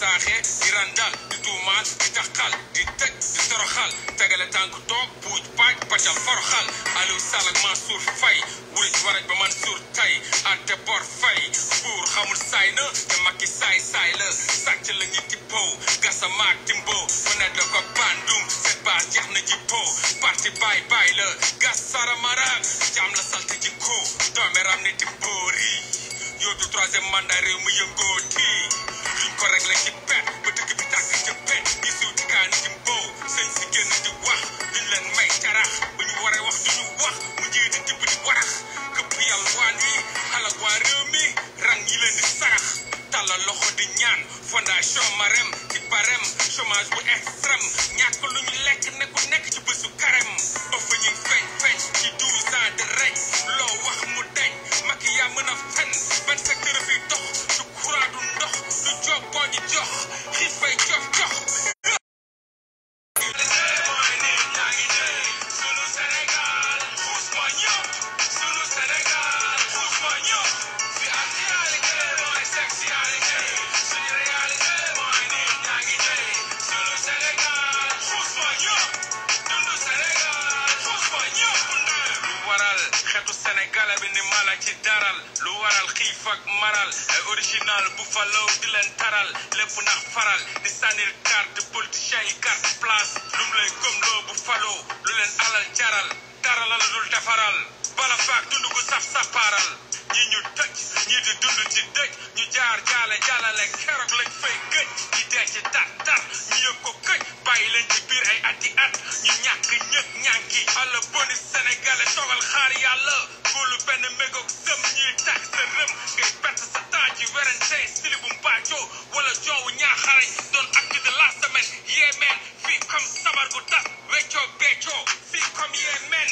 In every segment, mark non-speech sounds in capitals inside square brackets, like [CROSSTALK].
saaxe di randal di tuumaal di taxal di teg di toroxal tegale tànk toog buuj paaj pàccal foroxal Aliou Sall ak Mansour Faye wuruj waraj ba Mansour tay ante bor fay buur xamul saay na te makki saay saay la sàcc la timbo mu ne da set baas jeex na jippoo parti baay baay la gas saramaraak jaam salte jikkoo doomeram ne timboori du troisième mandat réew mi yëngoo tii luñ ko réglé ci pet ba dëkk bi tàkk ci pet di siw ci kaani ci mbow sëñ si génn di wax duñ leen may carax bu ñu waree wax duñu wax mu jii di tibb di warax këpp yàlla waan wi xalak waa réew mi rang yi leen di sarax tàllal a di ñaan a Marème ci barème chômage bu extrême ñàkk lu ñu lekk ne ku nekk ci bésu carême ofa ñu feeñ feeñ ci douze ans de règne loo wax mu deñ mag yaa mën a fen ban secteur bi dox du courant du ndox du jox boo ñu jox xiif fay jox xale bi ni mala ci daral lu waral xiif maral ay original bu di leen taral lépp ndax faral di sànnil carte politicien yi carte place lu mu lay gëmloo bu faloo lu leen alal jaral darala la dul defaral bala faak dund gu saf-sappaaral ñi ñu tëj ñi di dund ci dëj ñu jaar jaale jàllale keroog lañ fay gëj ñi dee ci tar tar ñu yëg ko këj bàyyi leen ci biir ati at ñu ñàkk ñëg ñànki ala boni sénégalais toogal xaar yàlla góolu benn mégoog sëm ñuy tax rëm ngay perte sa temps ci werante sili bu mbaajoo wala joowu ñaaxarañ doon acte de la semaine yee fii comme sabar bu tas weccoo beccoo fii comme yee meen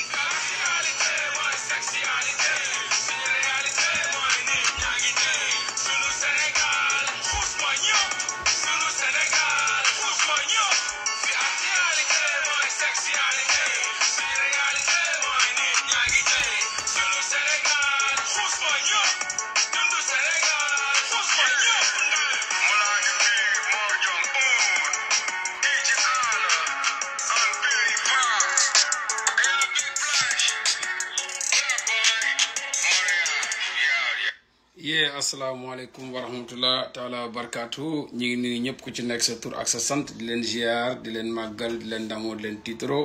asalaamaaleykum wa rahmatulah taalaa wa barakaatu ñu ngi nuyu ñëpp ku ci nekk sa tur ak sa sant di leen ziar di leen màggal di leen damoo di leen tiitro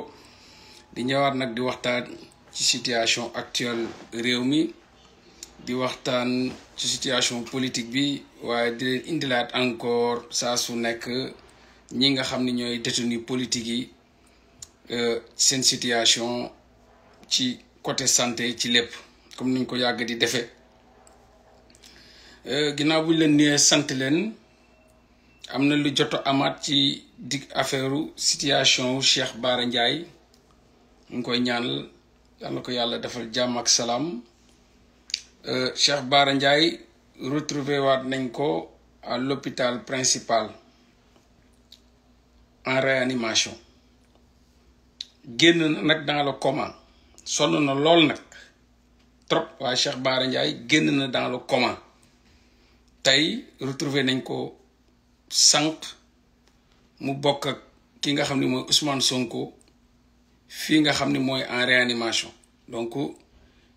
di ñëwaat nag di waxtaan ci situation actuelle réew mi di waxtaan ci situation politique bi waaye di leen indilaat encore saa su nekk ñi nga xam ni ñooy détenu politique yi euh, seen situation ci côté santé ci lépp comme niñ ko yàgg di defee. Euh, ginnaaw bu ñu leen nuyee sant leen am na lu joto amaat ci dig affaire situation wu Cheikh Bara Ndiaye mu ngi koy ñaanal na ko yàlla defal jàmm ak salaam euh, Cheikh Bara Ndiaye retrouvé waat nañ ko à l'hôpital principal en réanimation génn na nag dans le coma sonn na lool nag trop waaye Cheikh Bara Ndiaye génn na dans le coma tey retrouver nañ ko sànq mu bokk ak ki nga xam ni mooy Ousmane Sonko fii nga xam ni mooy en réanimation donc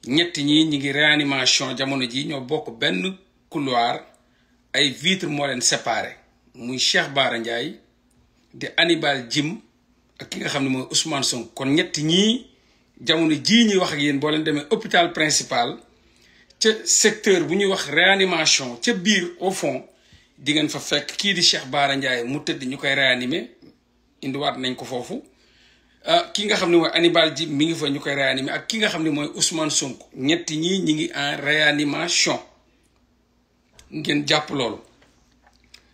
ñetti ñi ñi ngi réanimation jamono ji ñoo bokk benn couloir ay vitre moo leen séparé muy Cheikh Bara Ndiaye di Hannibal jim ak ki nga xam ne mooy Ousmane sonk kon ñett ñii jamono jii ñuy wax ak yéen boo leen demee hôpital principal ci secteur bu ñuy wax réanimation ci biir au fond di ngeen fa fekk kii di Cheikh Baara Ndiaye mu tëdd ñu koy réanimer waat nañ ko foofu ah, ki nga xam ne mooy Hannibal Djim mi ngi fa ñu koy réanimer ak ki nga xam ne mooy Ousmane Sonko ñetti ñi ñi ngi en réanimation ngeen jàpp loolu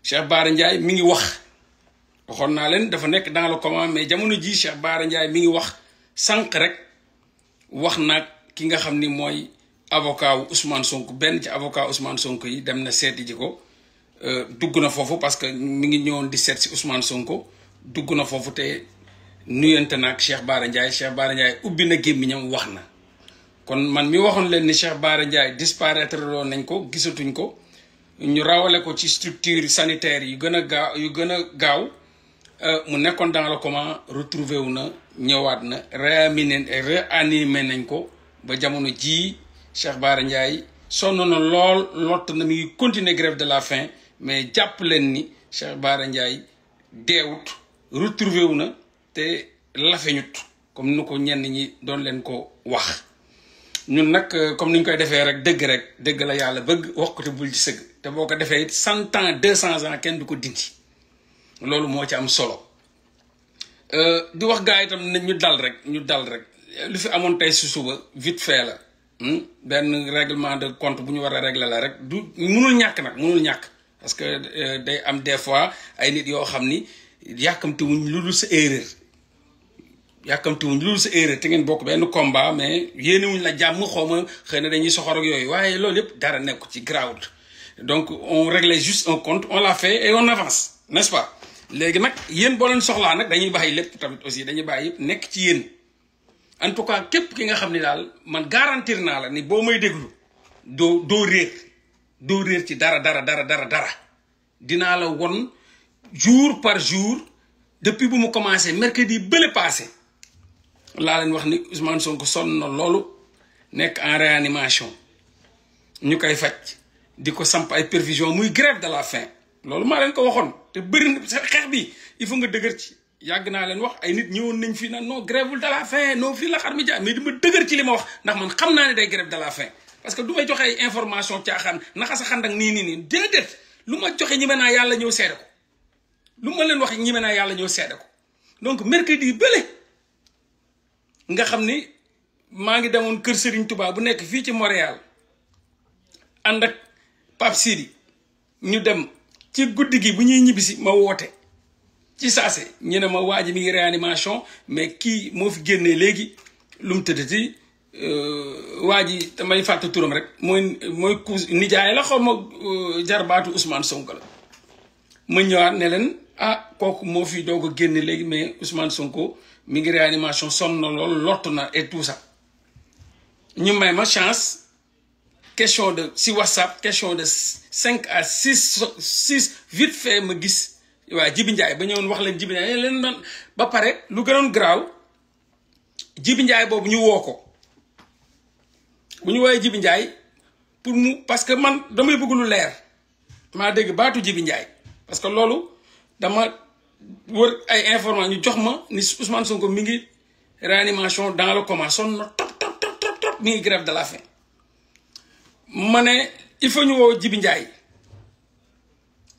Cheikh Baara Ndiaye mi ngi wax waxoon naa leen dafa nekk dans le comment mais jamono ji Cheikh Baara Ndiaye mi ngi wax sànq rek wax naag ki nga xam ni avocat wu Ousmane benn ci avocat Ousmane Sonko yi dem na seeti ji ko euh, dugg na foofu parce que mi ngi ñëwoon di seet si Ousmane Sonko dugg na foofu te nuyante na ak Cheikh Bara Ndiaye Cheikh Bara ubbi na gémmiñam wax na. kon man mi waxoon leen ni Cheikh Bara Ndiaye disparaître loon nañ ko gisatuñ ko ñu rawale ko ci structure sanitaire yu gën a gaaw yu gën a gaaw euh, mu nekkoon dans le coma retrouvé wu na ñëwaat na réanimé réanimé nañ ko ba jamono jii. Cheikh Bara Ndiaye sonn na lool lott na mi ngi continuer grève de la fin mais jàpp leen ni Cheikh Bara Ndiaye deewut retrouvé wu na te lafeñut comme nu ko ñenn ñi doon leen ko wax ñun nag euh, comme ni ñu koy defee rek dëgg rek dëgg la yàlla bëgg wax ko te bul ci sëgg te boo ko defee it cent ans deux cent ans kenn du ko dindi loolu moo ci am solo euh, di wax gaa yi itam ne ñu dal rek ñu dal rek lu fi amoon tey su suba vite fait la ben règlement de compte buñu wara régler la rek du mënul ñak nak mënul ñak parce que euh, day am des fois ay nit yo xamni yakamti wuñ lu sa erreur yàkkamtiwuñ lu dul sa erreur te ngeen bokk ben combat mais yene wuñ la jamm xoma ma dañuy soxor ak yoy waaye loolu yëpp dara nekk ci grawd donc on réglait juste un compte on l'a fait et on avance n'est-ce pas légui nak yeen bo leen soxla nak dañuy bàyyi lépp tamit aussi dañuy bàyyi yëpp nekk ci yeen en tout cas képp ki nga man garantir naa la ni boo may ci dara dara dara jour par jour depuis bu mu commencé mercredi bële passé wax ni Ousmane Sonko en réanimation ñu koy faj samp ay de la faim loolu maa leen ko waxoon te bëri il faut nga yàgg naa leen wax ay nit ñëwoon nañ fii nag non grève de la faim non fii la xar mi jaar mais dama dëgër ci li ma wax ndax man xam naa ne day grève de la faim parce que du may joxe ay information caaxaan naxa sa xandak nii nii nii déedéet lu ma joxe ñi me naa yàlla ñëw seede ko ma leen wax ñi me yàlla ñëw seede ko donc mercredi yi bële nga xam ni maa ngi demoon kër Serigne tubaab bu nekk fii ci Montréal ànd ak Pape Sidi ñu dem ci guddi gi bu ñuy ñibbisi ma woote ça c'est, ñu ma waji mi réanimation mais qui mo fi génné légui lum rek moy moy nijaay la euh, la ma ñëwaat ah a mais Ousmane Sonko mi ngi réanimation et tout chance question de si WhatsApp question de 5 à 6. 6 vite fait ma gis waa Jibi Njaay ba ñëwoon wax leen Jibi leen doon ba pare lu gënoon garaaw Jibi Njaay boobu ñu woo ko bu ñu woowee Jibi Njaay pour mu parce que man damay bëgg lu leer maa dégg baatu Jibi Njaay parce que loolu dama wër ay information ñu jox ma ni Ousmane Sonko mi ngi réanimation dans le coma sonn na top top top top ngi grève de la faim ma ne il faut ñu woo Jibi Njaay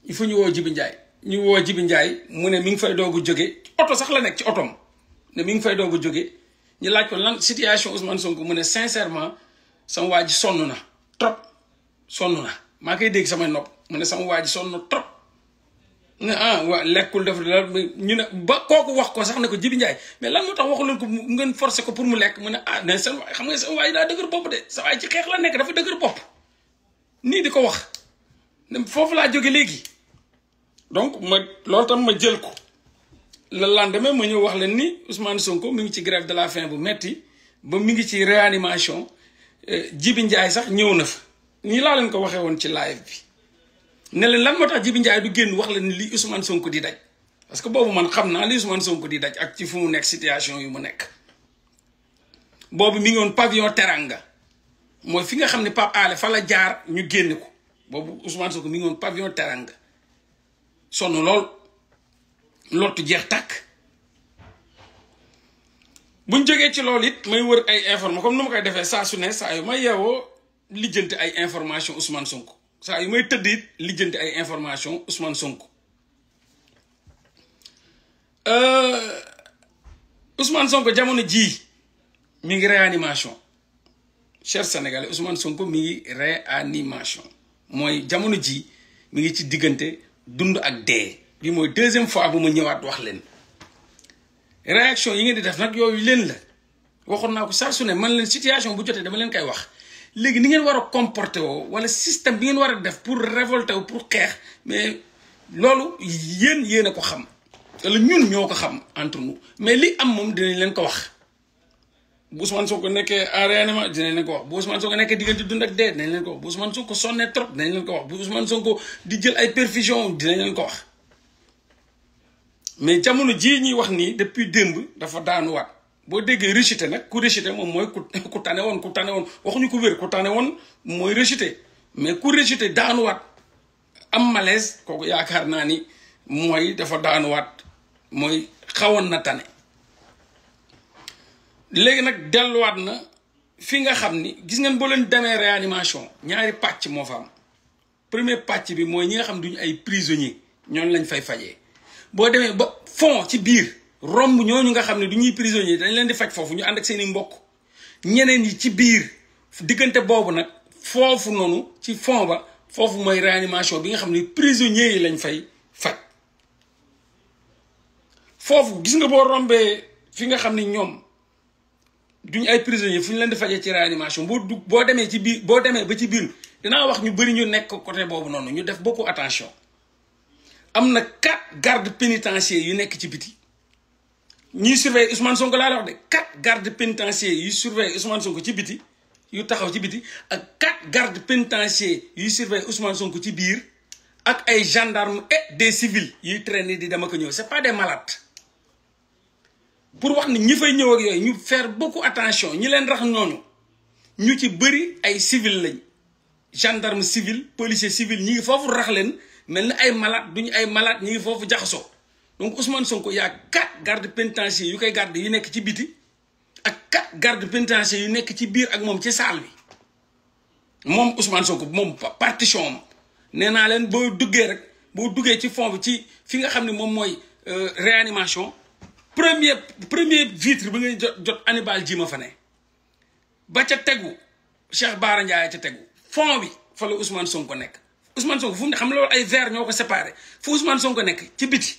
il faut ñu woo Jibi Njaay ñu woo Jibi Ndiaye mu ne mi ngi fay doog a jóge oto sax la nekk ci oto otoom ne mi ngi fay doog a jóge ñu laaj ko lan situation Ousmane Sonko mu ne sincèrement sama waa ji sonn na trop sonn na maa koy dégg samay nopp mu ne sama waa ji sonn na trop ne ah waa lekkul def la ñu ne ba kooku wax ko sax ne ko Jibi Ndiaye mais lan moo tax waxu leen ko ngeen forcé ko pour mu lekk mu ne ah ne seen waay xam nga sama waa daa dëgër bopp de sa waay ci xeex la nekk dafa dëgër bopp nii di ko wax foofu laa jóge léegi. donc ma loolu tam ma jël ko le lendemain ma ñëw wax leen ni Ousmane Sonko mi ngi ci grève de la fin bu metti ba mi ngi ci réanimation euh, Jibi Ndiaye sax ñëw na fa nii laa leen ko waxee woon ci live bi ne leen lan moo tax Jibi Ndiaye du génn wax leen li Ousmane Sonko di daj parce que boobu man xam naa li Ousmane Sonko di daj ak ci fu mu nekk situation yu mu nekk boobu mi ngi woon pavillon Teranga mooy fi nga xam ne Pape Alé fa la jaar ñu génn ko boobu Ousmane Sonko mi ngi woon sonn lool lottu jeex takk buñ jógee ci loolu it may wër ay information comme nu ma koy defee saa su ne saa yu may yeewoo lijjanti ay information Ousmane Sonko saa yu may tëdd it lijjanti ay information Ousmane Sonko euh, Ousmane Sonko jamono jii mi ngi réanimation cher Sénégalais Ousmane Sonko mi ngi réanimation mooy jamono jii mu ngi ci diggante dund ak dee bi mooy deuxième fois bu ma ñëwaat wax leen réaction yi ngeen di def nag yooyu leen la waxoon naa ko saa su ne man leen situation bu jotee dama leen koy wax léegi ni ngeen war a comporté woo wala système bi ngeen war a def pour révolté wu pour xeex mais loolu yéen yéen a ko xam wala ñun ñoo ko xam entre nous mais li am moom dinañ leen ko wax bousman Ousmane Sonko nekkee en ma dinañ leen ko wax bu Ousmane Sonko nekkee diggante dund ak dee dinañ leen ko wax bu Ousmane Sonko sonné trop dinañ leen ko wax bu Sonko di jël ay perfusion dinañ leen ko wax mais jamono ji ñi wax ni depuis demb dafa wat bo déggé réchité nak ku réchité mom moy ku tané [LAUGHS] won ku won woon waxuñu ko wër ku tané won moy réchité mais ku daanu wat am malaise koku yaakar na ni moy dafa wat moy xawon na tane léegi nag delluwaat na fi nga xam ni gis ngeen boo leen demee réanimation ñaari pàcc moo fa am premier pàcc bi mooy ñi nga xam duñu ay prisonnier ñoon lañ fay fajee boo demee ba fond ci biir romb ñooñu nga xam ne du ñuy prisonnier dañ leen di faj foofu ñu ànd ak seeni i mbokk ñeneen yi ci biir diggante boobu nag foofu noonu ci fond ba foofu mooy réanimation bi nga xam ne prisonniers yi lañ fay faj foofu gis nga boo rombee fi nga xam ni ñoom duñ ay prisonniers fu leen di ci réanimation bo ci ba ci biir wax ñu ñu nekk côté beaucoup attention Nous avons quatre gardes pénitentiaires yu nekk ci biti ñi surveiller Ousmane Sonko quatre gardes pénitentiaires yu surveiller Ousmane Sonko ci biti yu taxaw ci biti ak quatre gardes pénitentiaires surveiller Ousmane Sonko ci biir ak gendarmes et des civils yu traînent di dama ko ñëw c'est pas des malades pour wax ni ñi fay ñëw ak yooyu ñu faire bokk attention ñi leen rax noonu ñu ci bëri ay civil lañ gendarme civil policier civil ñi ngi foofu rax leen mel ni ay malade duñu ay malade ñi ngi foofu jaxasoo donc Ousmane Sonko y a quatre gardes pénitentiaires yu koy garde yu nekk ci biti ak quatre gardes pénitentiaires yu nekk ci biir ak moom ci saal bi moom Ousmane Sonko moom partition am nee naa leen boo duggee rek boo duggee ci fond ci fi nga xam ne moom mooy euh, réanimation premier première vitre bi ngay jot jot Hannibal ji ma fa ne ba ca tegu Cheikh Baara Ndiaye ca tegu fond bi fa la Ousmane ko nekk Ousmane Sonko fu mu ne xam loolu ay verre ñoo ko séparé fu Ousmane Sonko nekk ci biti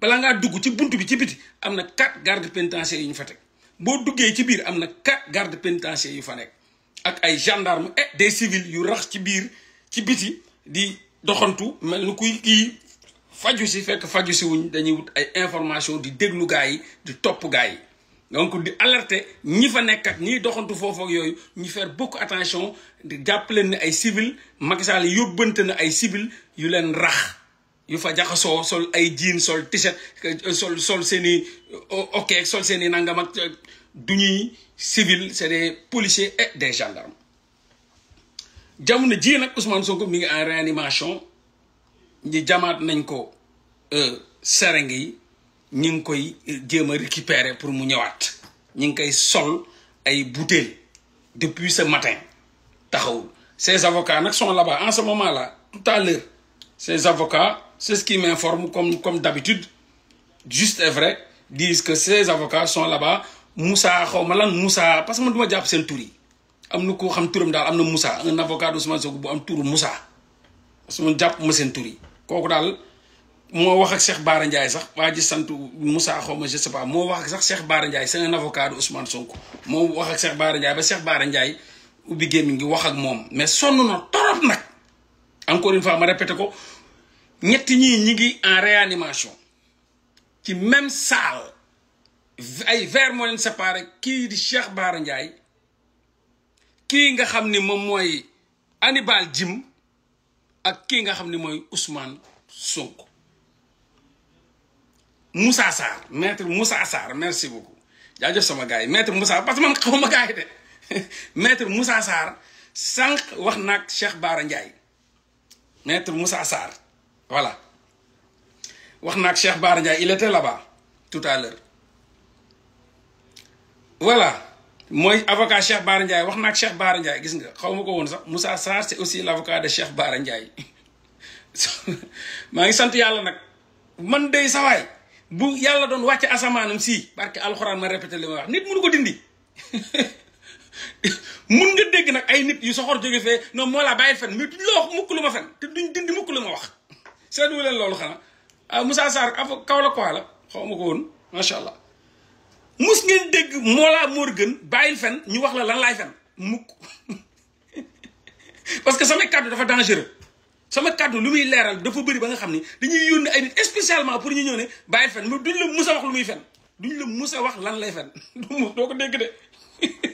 balaa ngaa dugg ci bunt bi ci biti am na quatre gardes pénitentiaires yu ñu fa teg boo duggee ci biir am na quatre gardes pénitentiaires yu fa nekk ak ay gendarmes et des civils yu rax ci biir ci biti di doxantu mel ni kuy kii faju fekk information di donc di alerter ñi fa faire beaucoup attention di ay civil Macky Sall ay civil yu len rax yu fa jean sol t-shirt sol sol seni. sol civil c'est des policiers et des gendarmes jamono ji Ousmane Sonko mi ngi en réanimation ñi jamaat nañ ko euh, sering yi ñi ngi koy euh, jéem récupérer pour mu ñëwaat ñi ngi koy sol ay bouteilles depuis ce matin taxawul ces avocats nak sont là-bas en ce moment là tout à l'heure ces avocats c'est ce qui m'informe comme comme d'habitude juste et vrai disent que ces avocats sont là-bas Moussa xaw ma lan Moussa parce que man du ma jàpp seen yi am ko xam turam dal am Moussa un avocat d'Ousmane Sonko bu am tour Moussa parce que japp ma seen yi kooku daal moo wax ak Cheikh Baara Ndiaye sax waa ji sant Moussa xaw ma je sais moo wax ak sax Cheikh Baara Ndiaye c'est un avocat de Ousmane Sonko wax ak Cheikh Baara Ndiaye ba Cheikh Baara Ndiaye ubbi gémmi ngi wax ak moom mais sonn na torop nag encore une fois ma répété ko ñetti ñi ñi ngi en réanimation ci même salle ay verre moo leen séparé kii di Cheikh Baara Ndiaye kii nga xam ni moom mooy Hannibal jim ak kii nga xam ni mooy Ousmane Sonko Moussa Sarr maître musa Sarr merci beaucoup jaajëf sama gars yi maître Moussa parce que man xawma ma yi de [LAUGHS] maître Moussa Sarr sànq wax naag Cheikh Baara Ndiaye maître Moussa Sarr voilà wax naag Cheikh Baara Ndiaye il était là tout à l'heure voilà mooy avocat Cheikh Bara wax naa ak Cheikh Bara gis nga xaw ma ko woon sax mussa Sarr aussi l' avocat de Cheikh [LAUGHS] ngi sant yàlla nag man day sawaay yàlla doon wàcce asamaanam si barke alxuraan ma répété li ma wax ko dindi [LAUGHS] nga dégg nag ay nit yu soxor jóge fee non moo laa bàyyi fen mais la wax mukk ma fen te duñ dindi mukk lu ma wax [LAUGHS] seetlu leen loolu xanaa ah Moussa Sarr avocat kaw la quoi la xaw ma ko woon macha allah. mus ngeen dégg Mollah Morgun bàyyil fen ñu wax la lan laay fen mukk [LAUGHS] parce que sama kàddu dafa dangereux sama kàddu lu muy leeral dafa bëri ba nga xam ni dañuy yónni ay nit spécialement pour ñu ñëw ne bàyyil fen mu duñ la mus a wax lu muy fen duñ la mus a wax lan lay fen [LAUGHS] du mu doo ko dégg de [LAUGHS]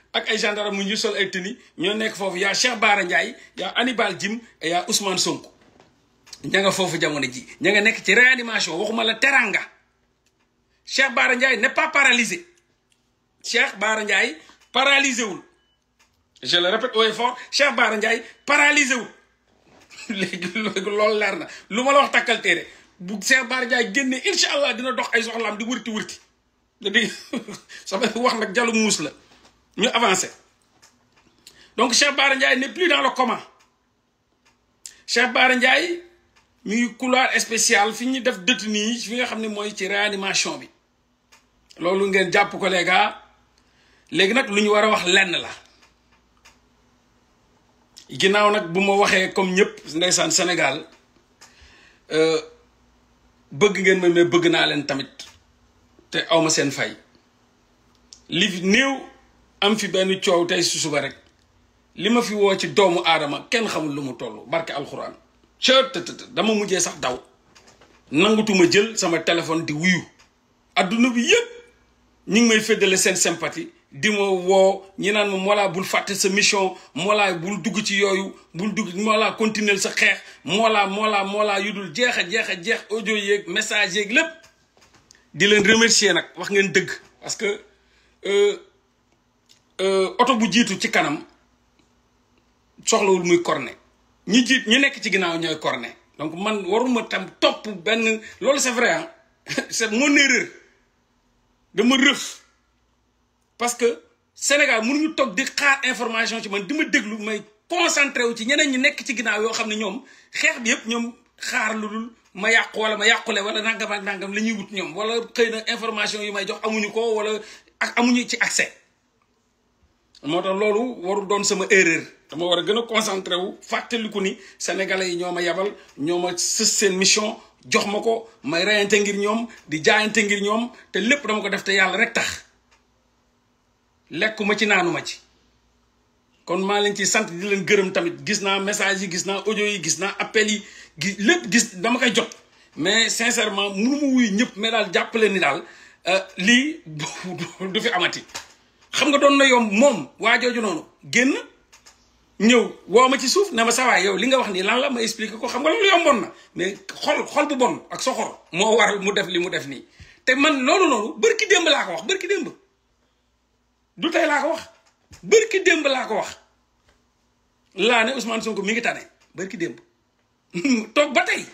ak ay gendara mu ñu sol ay tenue ñoo nekk foofu yaa Cheikh Bara Ndiaye yaa Hannibal Djim yaa Ousmane Sonko ña foofu jamono ji ña nekk ci réanimation waxuma la teranga Cheikh Bara Ndiaye n'est pas paralysé Cheikh Bara Ndiaye paralysé wul je le répète haut et fort Cheikh Bara Ndiaye paralysé [LAUGHS] léegi loolu leer na lu ma la wax takkal téere bu Cheikh Bara Ndiaye génnee incha allah dina dox ay soxlaam di wërti wërti di [LAUGHS] wax nag jalu muus la Nous avancer donc Cheikh n'est plus dans le coma Cheikh Bara Ndiaye mi une couloir spécial fini de def détenu fi nga xam que nous ci réanimation bi ngeen les gars le wax lenn la comme Sénégal euh, bëgg ngeen ma mais bëgg naa leen tamit te awma seen fay am fi benn coow tey si suba rek li ma fi woo ci doomu aadama kenn xamul lu mu toll barke alxuraan cëtt dama mujjee sax daw nangutuma jël sama téléphone di wuyu adduna bi yëpp ñu ngi may féddale seen sympathie di ma woo ñi naan ma moolaa bul fàtte sa mission moolaa bul dugg ci yooyu bul dugg moolaa continuer sa xeex moolaa moolaa moolaa yu dul jeex a jeex a jeex audio yeeg message yeeg lépp di leen remercier nag wax ngeen dëgg parce que euh, auto euh, bu jitu ci kanam soxlawul muy corne ñi jitt ñi nek ci ginaaw ñoy corne donc man waruma tam top ben loolu c'est vrai ah [LAUGHS] c'est mon erreur dama rëf parce que Sénégal ñu tok di xaar information ci man dima ma déglu may concentré wu ci ñeneen ñi nek ci ginaaw yo xam ñom xex bi yépp ñom xaar lu dul ma yaq wala ma yaqulé wala nangam ak nangam la wut ñom wala xeyna information yu may jox amuñu ko wala ak amuñu ci accès moo tax loolu waru doon sama erreur dama war a gën a concentré wu fàttaliku ni sénégalais yi ñoo ma yebal ñoo ma sës seen mission jox ma ko may reyante ngir ñoom di jaayante ngir ñoom te lépp dama ko def te yàlla rek tax lekkuma ci naanuma ci kon maa leen ciy sant di leen gërëm tamit gis naa message yi gis naa audio yi gis naa appel yi gi lépp gis dama koy jot mais sincèrement mënu wuy ñëpp mais daal jàppale ni daal euh, lii [LAUGHS] du fi amati xam nga doon na yomb moom waa jooju noonu génn ñëw woo ma ci suuf na ma sawaay yow li nga wax nii lan la ma expliqué ko xam nga loolu yomboon na mais xol xol bu bon ak soxor moo waral mu def li mu def nii te man loolu noonu bërki démb laa ko wax bërki démb du laa ko wax bërki démb laa ko wax laa ne Ousmane Sonko mi ngi tane bërki démb [LAUGHS] toog ba tey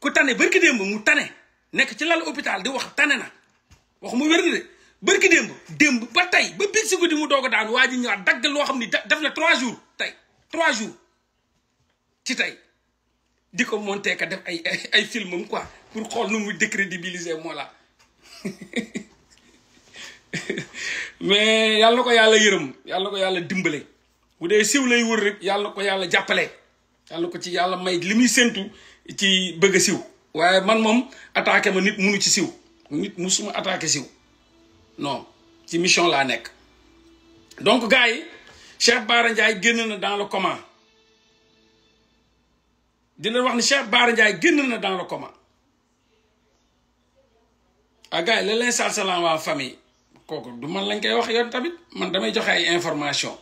ku tane bërki démb mu tane nekk ci lal hôpital di wax tane na wax mu wér de bërki démb démb ba tey ba biig si guddi mu doog a daan waa ji ñëwaat dagg loo xam ni def na trois jours tey trois jours ci tey di ko monté ka def ay ay filmam quoi pour xool nu muy décrédibiliser moo la [LAUGHS] mais yàlla ko yàlla yërëm yàlla ko yàlla dimbale bu dee siw lay wër rek yàlla ko yàlla jàppale yàlla ko ci yàlla may li muy séntu ci bëgg siw waaye man moom attaqué ma nit munu ci siw nit suma attaqué siw non ci mission laa nekk donc gars yi Cheikh Bara Ndiaye génn na dans la comment di leen wax ni Cheikh Bara Ndiaye génn na dans le coma ah gars yi la leen sal salam waa famille kooku du man lañ koy wax yoon tamit man damay joxe ay information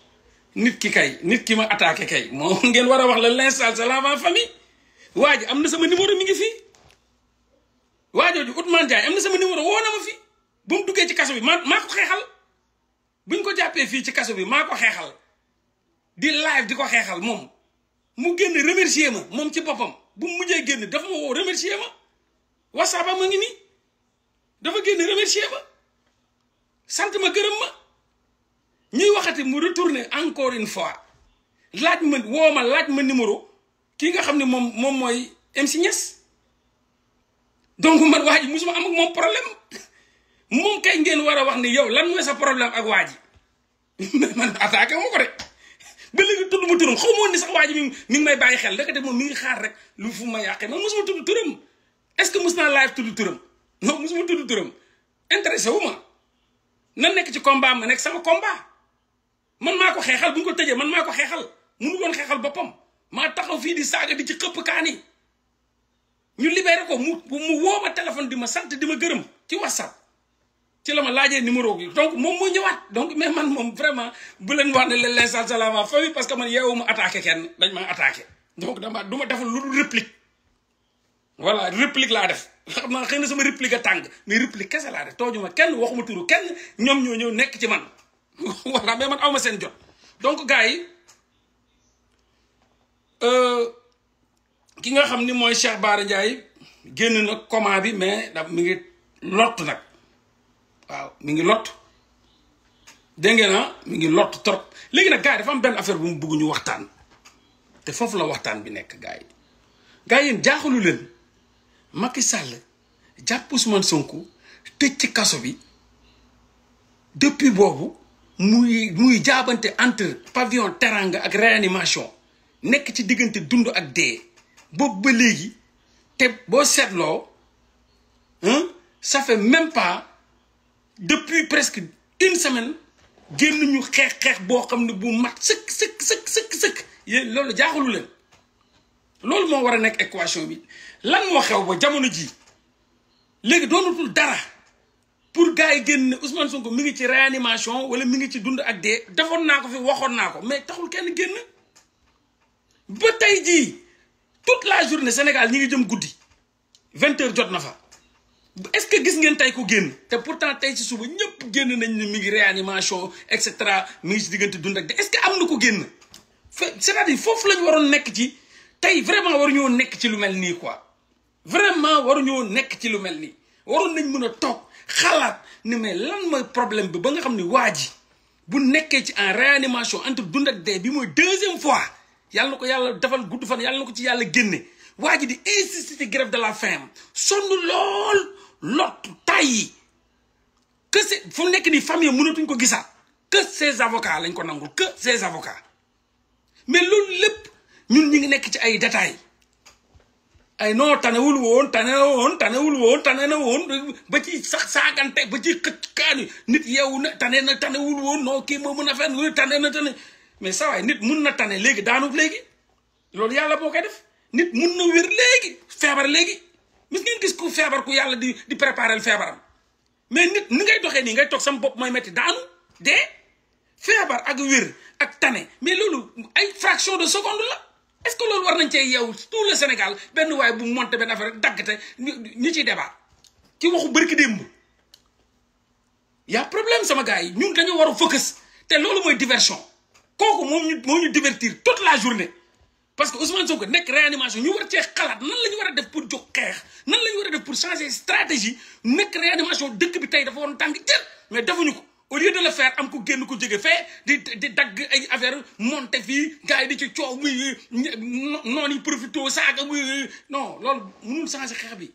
nit ki kay nit ki ma attaqué kay moo [LAUGHS] ngeen war a wax la leen sal salam waa famille waa ji am na sama numéro mi ngi fii waa jooju Ousmane am na sama numéro woo na ma fii ba mu duggee ci kaso bi maa maa ko xeexal buñ ko jàppee fii ci kaso bi maa ko xeexal di live di ko xeexal moom mu génn remercier ma moom ci boppam bu mu mujjee génn dafa ma woo remercier ma wasaaba ma ngi nii dafa génn remercier ma sant ma gërëm ma ñuy waxati mu fois laaj ma woo ma laaj ma numéro ki nga xam ne moom moom mooy MC Niass donc man waa ji musuma am ak moom problème moom kay ngeen wara wax ni yow lan moy sa problème ak waji [LAUGHS] man attaqué moo ko de ba léegi tudd mu turum xawmo ni sax waji mi ngi may bàyyi xel ndekete mo mi ngi xaar rek lu fu ma yaqé man musuma tudd turum est-ce que musna live tudd turum non musuma tudd turum intéressé wu ma na nek ci combat ma nek sama combat man mako ko buñ ko tejé man mako ko xeexal mënu woon xeexal boppam ma taxaw fi di saga di ci xëpp kaani ñu libéré ko mu mu woo ma téléphone di ma sant di ma gërëm ci WhatsApp. ci la ma laajee numéro bi donc moom moo ñëwaat donc mais man moom vraiment bu leen wax ne leen leen salama famille parce que man yeewu ma attaqué kenn dañ ma attaqué donc dama du ma defal lu dul réplique voilà réplique laa def xam naa xëy na sama réplique a tàng mais réplique kese laa def tooñu ma kenn waxuma turu kenn ñoom ñoo ñëw nekk ci man [LAUGHS] voilà mais man awma seen jot donc gars yi euh, ki nga xam ni mooy Cheikh Bara Ndiaye génn na comment bi mais da mi ngi lott nag waaw mi ngi lot dégg ngeen ah mi ngi lot trop léegi nag gars yi dafa am benn affaire bu mu bëgg ñu waxtaan te foofu la waxtaan bi nekk gars yi gars yi yéen jaaxalu leen Macky Sall jàpp Ousmane Sonko tëj ci kaso bi depuis boobu muy muy jaabante entre pavillon terang ak réanimation nekk ci diggante dund ak dee boobu ba léegi te boo seetloo ça fait même pas depuis presque une semaine génn ñu xeex xeex boo xam ne bu mat sëkk sëkk sëkk sëkk sëkk yéen loolu jaaxalu leen loolu moo war a nekk équation bi lan moo xew ba jamono jii léegi doonatul dara pour gars yi génn ne Ousmane Sonko mi ngi ci réanimation wala mu ngi ci dund ak dee defoon naa ko fi waxoon naa ko mais taxul kenn génn ba tey ji toute la journée Sénégal ñi ngi jëm guddi vingt jot na fa est-ce que gis ngeen tey ko génn te pourtant tey ci suba ñëpp génn nañ ne mi ngi réanimation et cetera mi ngi si diggante dund ak de est-ce que am na ko génn c'est-à-dire foofu lañu waroon nekk ci tey vraiment waruñoo nekk ci lu mel nii quoi vraiment waruñoo nekk ci lu mel nii waroon nañ mën a toog xalaat ni mais lan mooy problème bi ba nga xam ni waa ji bu nekkee ci en réanimation entre dund ak bi mooy deuxième fois yàlla na ko yàlla defal gudd fan yàlla na ko ci yàlla génne waa ji di insister ci de la fin sonn lool. lott tàyyi que c'est fu nekk nii famille mënatuñ ko gisaat que ses avocats lañ ko nangul que ses avocats mais loolu lépp ñun ñu ngi nekk ci ay détails ay non tanewul woon tane woon tanewul woon tane na woon ba ci sax saagante ba ci xëcc kaani nit yeewu na tane na tanewul woon noo kii moo mën a fen tane na tane mais saa waay nit mun na tane léegi daanu léegi loolu yàlla boo koy def nit mun na wér léegi feebar léegi mis ngeen gis ku feebar ku yàlla di di préparer feebaram mais nit ni ngay doxee nii ngay toog sama bopp mooy métti daanu de feebar ak wér ak tane mais loolu ay fraction de seconde la est-ce que loolu war nañ cee yeewu tout le Sénégal benn waay bu monté benn affaire daggate ñu ci débat ci waxu bërki démb y' problème sama gars yi ñun dañoo war a focus te loolu mooy diversion kooku moom ñu moo ñu divertir toute la journée parce que Ousmane Sonko nek réanimation ñu war ci xalat nan lañu wara def pour jox xex nan lañu wara def pour changer stratégie nek réanimation dëkk bi tay dafa won tàng jël mais defuñu ko au lieu de le faire am ko genn ko jóge fé di di dagg ay affaire monter fi gaay di ci ciow mi noon yi profito saga muy non lool mënul changer xex bi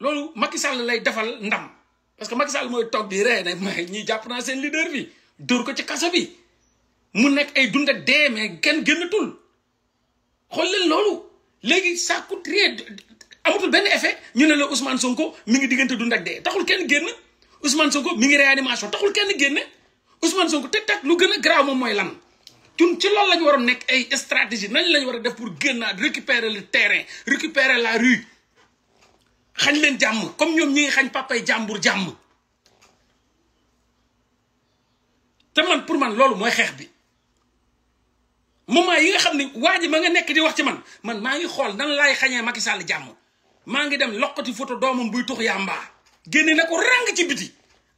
lool Macky Sall lay defal ndam parce que Macky Sall moy tok di ree ne mais ñii jàpp naa seen leader bi dur ko ci kaso bi mu nekk ay dund ak dee mais kenn génnatul xool leen loolu léegi ça coûte rien amatul benn effet ñu ne la Ousmane Sonko mu ngi diggante dund ak dee taxul kenn génn Ousmane Sonko mi ngi réanimation taxul kenn génn Ousmane Sonko te tak lu gën a grave moom mooy lan. tun ci loolu la ñu a nekk ay stratégie nañ la war a def pour génnaat récupérer le terrain récupérer la rue xañ leen jàmm comme ñoom ñi ngi xañ papay jàmbur jàmm te man pour man loolu mooy xeex bi. moment yi nga xamni ni ma nga nek di wax ci man man ma ngi xol nan lay xagne Macky Sall jamm ma ngi dem lokoti photo domam buy tux yamba genné nako rang ci biti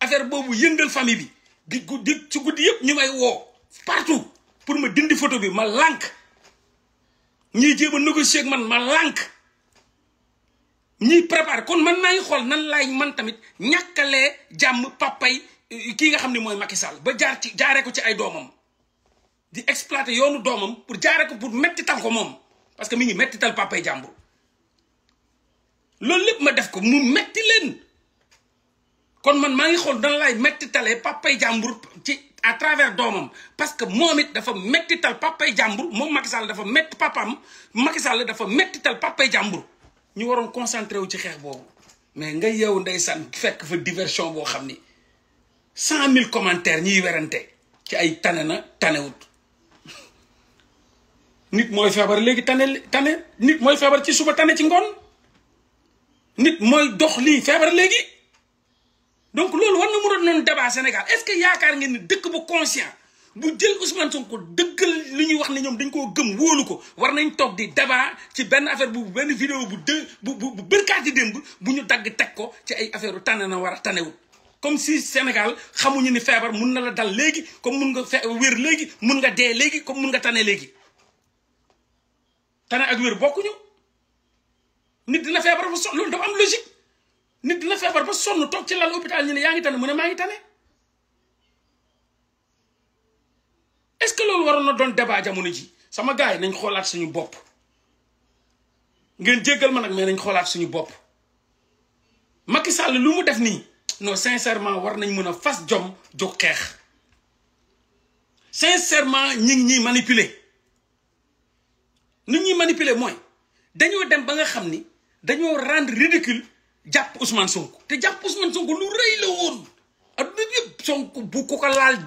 affaire bobu yëngal famille bi di guddi ci guddi yëp ñu may wo partout pour ma dindi photo bi ma lank ñi jéem négocier ak man ma lank ñi préparé kon man ma ngi xol nan lay man tamit ñakalé jamm papay ki nga xamni moy Macky Sall ba jaar ci jaaré ko ci ay domam di exploiter yoonu doomam pour jaare ko pour tal ko moom parce que mi ngi metti tal papay jambour loolu lépp ma def ko mu metti leen kon man maa ngi xool dan metti mettitalee papay jambour ci à travers doomam parce que moom dafa metti tal papay jambour moom Macky dafa metti papam Macky dafa metti tal papay jambour ñu waroon concentré wu ci xeex boobu mais nga yow ndeysaan fekk fa diversion boo xam ni cent mille commentaires ñiy werante ci ay tane na tanewut nit mooy feebar léegi tane tane nit mooy feebar ci suba tane ci ngoon nit mooy dox lii feebar léegi donc loolu war na mën a noonu débat Sénégal est-ce que yaakaar ngeen ni dëkk bu conscient bu jël Ousmane Sonko dëggal li ñuy wax ni ñoom dañ koo gëm wóolu ko war nañ toog di débat ci benn affaire bu benn vidéo bu dë bu bu bërkaati démb bu ñu dagg teg ko ci ay affaire u tane na war a tane wu comme si Sénégal xamuñu ni feebar mun na la dal léegi comme mun nga fe wér léegi mun nga dee léegi comme mun nga tane léegi tane ak wér bokkuñu nit dina feebar ba sonn loolu am logique nit dina feebar ba sonn toog ci lal hôpital ñu ne yaa ngi tane mu ne maa ngi tane est-ce que loolu waroon na doon débat jamono ji sama gars yi nañ xoolaat suñu bopp ngeen jéggal ma nag mais nañ xoolaat suñu bopp Macky sàll lu mu def nii non sincèrement war nañ mën a fas jom jóg xeex sincèrement ñi ngi ñuy manipuler nu ñuy manipuler mooy dañoo dem ba nga xam ni dañoo rendre ridicule jàpp Ousmane Sonko te jàpp Ousmane Sonko lu rëy la woon adduna yëpp Sonko bu ko ko laal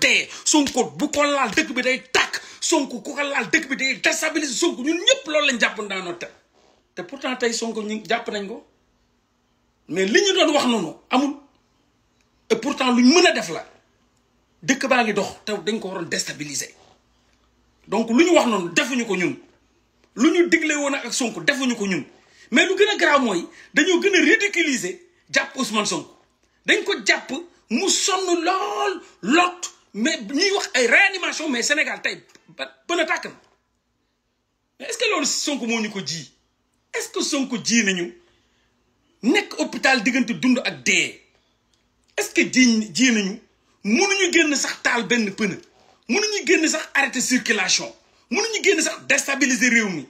Sonko bu ko laal dëkk bi day tàkk Sonko ku ko laal dëkk bi day déstabiliser Sonko ñun ñëpp loolu lañ jàpp daanoo te te pourtant tey Sonko ñu jàpp nañ ko mais li ñu doon wax noonu amul et pourtant lu ñu mën a def la dëkk baa ngi dox te dañ ko waroon déstabiliser donc lu ñu wax noonu defuñu ko ñun. lu ñu digle woon ak sonk defuñu ko ñun mais lu gën a garaaw mooy dañoo gën a ridiculiser jàpp Ousmane Sonko dañ ko jàpp mu sonn lool lot mais ñuy wax ay réanimation mais Sénégal tey ba bën a tàkk na est-ce que loolu Sonko moo ñu ko ji est-ce que Sonko ji nañu nekk hôpital diggante dund ak dee est-ce que ji ji nañu mënuñu génn sax taal benn pneu mënuñu génn sax arrêter circulation. Nous génn sax déstabiliser réew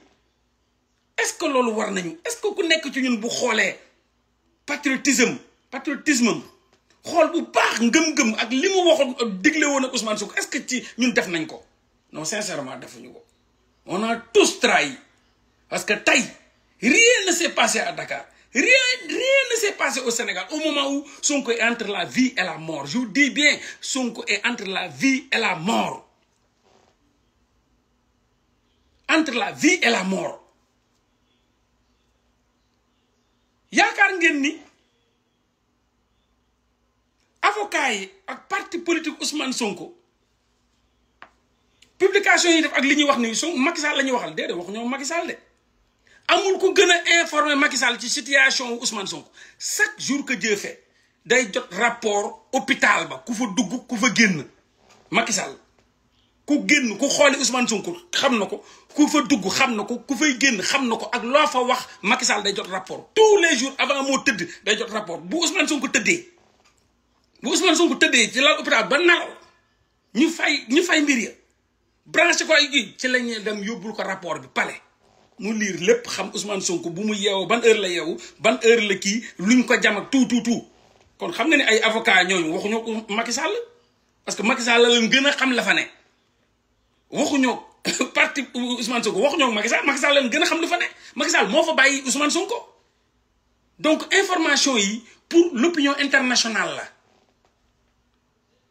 est-ce que loolu war nañu est-ce que ku nekk ci ñun bu patriotisme patriotisme xool bu baax ngëm-ngëm ak li ak Ousmane est-ce que ci ñun def nañ ko non sincèrement defuñu ko on a tous trahi parce que tey rien ne s'est passé à Dakar rien rien ne s'est passé au Sénégal au moment où Sonko est entre la vie et la mort je vous dis bien Sonko est entre la vie et la mort entre la vie et la mort Yakar ngeen ni avocat yi ak parti politique Ousmane Sonko publication yi def ak li ñi wax ni son Macky Sall la ñuy waxal déedéet waxuñoo Macky Sall dé amul ku gëna informer Macky Sall ci situation Ousmane Sonko chaque jour que Dieu fait day jot rapport hôpital ba ku fa dugg ku fa génn Macky Sall ku génn ku xooli Ousmane Sonko xam na ko ku fa dugg xam na ko ku fay génn xam na ko ak loo fa wax Macky Sall day jot rapport tous les jours avant moo tëdd day jot rapport bu Ousmane Sonko tëddee bu Ousmane Sonko tëddee ci la hôpital ba nalaw ñu fay ñu fay mbir ya branché ko ay gi ci la ñuy dem yóbbul ko rapport bi pare mu liir lépp xam Ousmane Sonko bu mu yeewoo ban heure la yeewu ban heure la kii luñ ko jam ak tout tout tout kon xam nga ne ay avocat ñooñu waxuñoo ko Macky Sall parce que Macky Sall xam la fa ne waxuñoo [COUGHS] parti Ousmane Sonko waxuñu ak Macky Sall Macky Sall leen gën xam lu fa ne Macky Sall mo fa bayyi Ousmane Sonko donc information yi pour l'opinion internationale la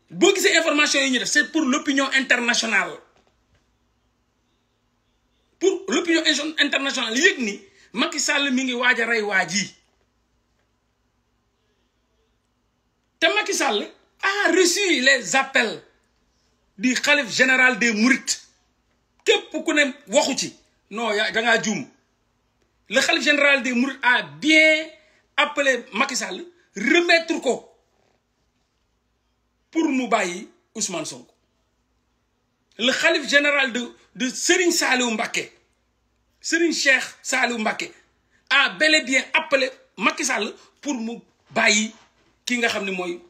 bo gisee information yi ñu def c'est pour l'opinion internationale pour l'opinion internationale yëg ni Macky Sall mi ngi waja a waji waa te Macky Sall a reçu les appels di calife général des mourides képp ku ne waxu ci non ya da djum. le calife général des mourides a bien appelé Macky Sall remettre ko pour mu bàyyi Ousmane Sonko le calife général de de Serigne Salou sirin Serigne Cheikh Salou a bel et bien appelé Macky pour mu bàyyi ki nga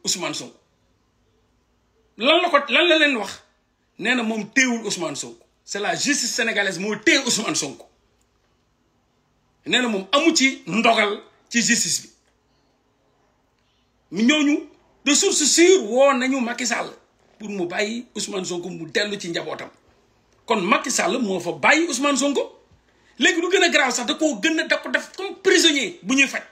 Ousmane Sonko. lan la ko lan la leen wax nee na moom téewul Ousmane Sonko c'est la justice sénégalaise moo téye Ousmane Sonko nee na moom amu ci ndogal ci justice bi ñooñu de source sûre woo nañu makki Sall pour mu bàyyi Ousmane Sonko mu dellu ci njabootam kon Macky Sall moo fa bàyyi Ousmane Sonko léegi lu gën a grave sax da koo gën a da ko def comme prisonnier bu ñuy faj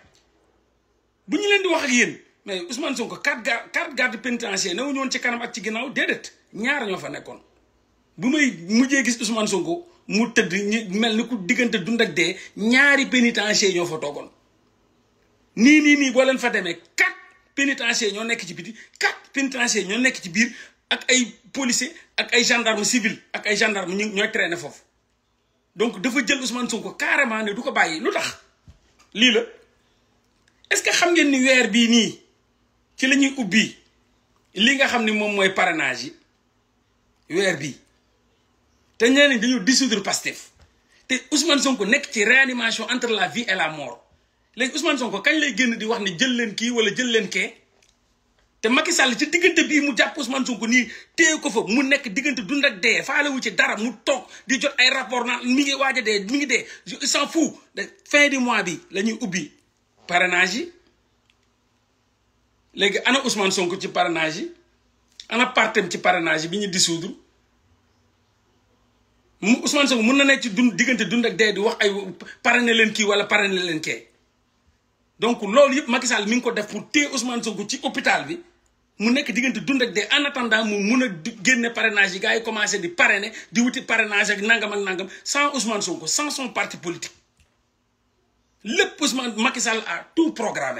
bu ñu leen di wax ak yéen. mais Ousmane Sonko quatre garde quatre garde pénitentiaire newu ñoon ci kanam ak ci ginnaaw déedéet ñaar ñoo fa nekkoon bu may mujjee gis Ousmane Sonko mu tëdd ñu mel ni ku diggante dund ak dee ñaari pénitentiaire ñoo fa toogoon nii nii nii boo leen fa demee quatre pénitentiaire ñoo nekk ci biti quatre pénitentiaire ñoo nekk ci biir ak ay policier ak ay gendarme civil ak ay gendarme ñu ñooy traîner foofu donc dafa jël Ousmane Sonko carrément ne du ko bàyyi lu tax lii la est-ce que xam ngeen ni weer bii nii ci la ñuy ubbi li nga xam ne moom mooy parenage yi weer bii te ñeneen ñi dañu dissoudre Pastef te Ousmane Sonko nekk ci réanimation entre la vie et la mort léegi Ousmane Sonko kañ lay génn di wax ni jël leen kii wala jël leen kee te Macky Sall ci diggante bii mu jàpp Ousmane Sonko nii téye ko fa mu nekk diggante dund ak dee faalewu ci dara mu toog di jot ay rapport naan mi ngi waaja a dee mi ngi dee il s'en fin du mois bi la ñuy ubbi parrainage yi léegi ana Ousmane Sonko ci parrainage yi ana partem ci parenage yi bi ñu dissoudre mu Ousmane Sonko mun na nekk ci dund diggante dund ak dee di wax ay parrainé leen kii wala parrainé leen kee donc loolu yëpp Macky Sall mi ngi ko def pour téye Ousmane Sonko ci hôpital bi mu nekk diggante dund ak dee en attendant mu mun a génne parrainage yi gars yi commencé di parrainé di wuti parrainage ak nangam ak nangam sans Ousmane Sonko sans son parti politique lépp Ousmane Macky Sall a tout programme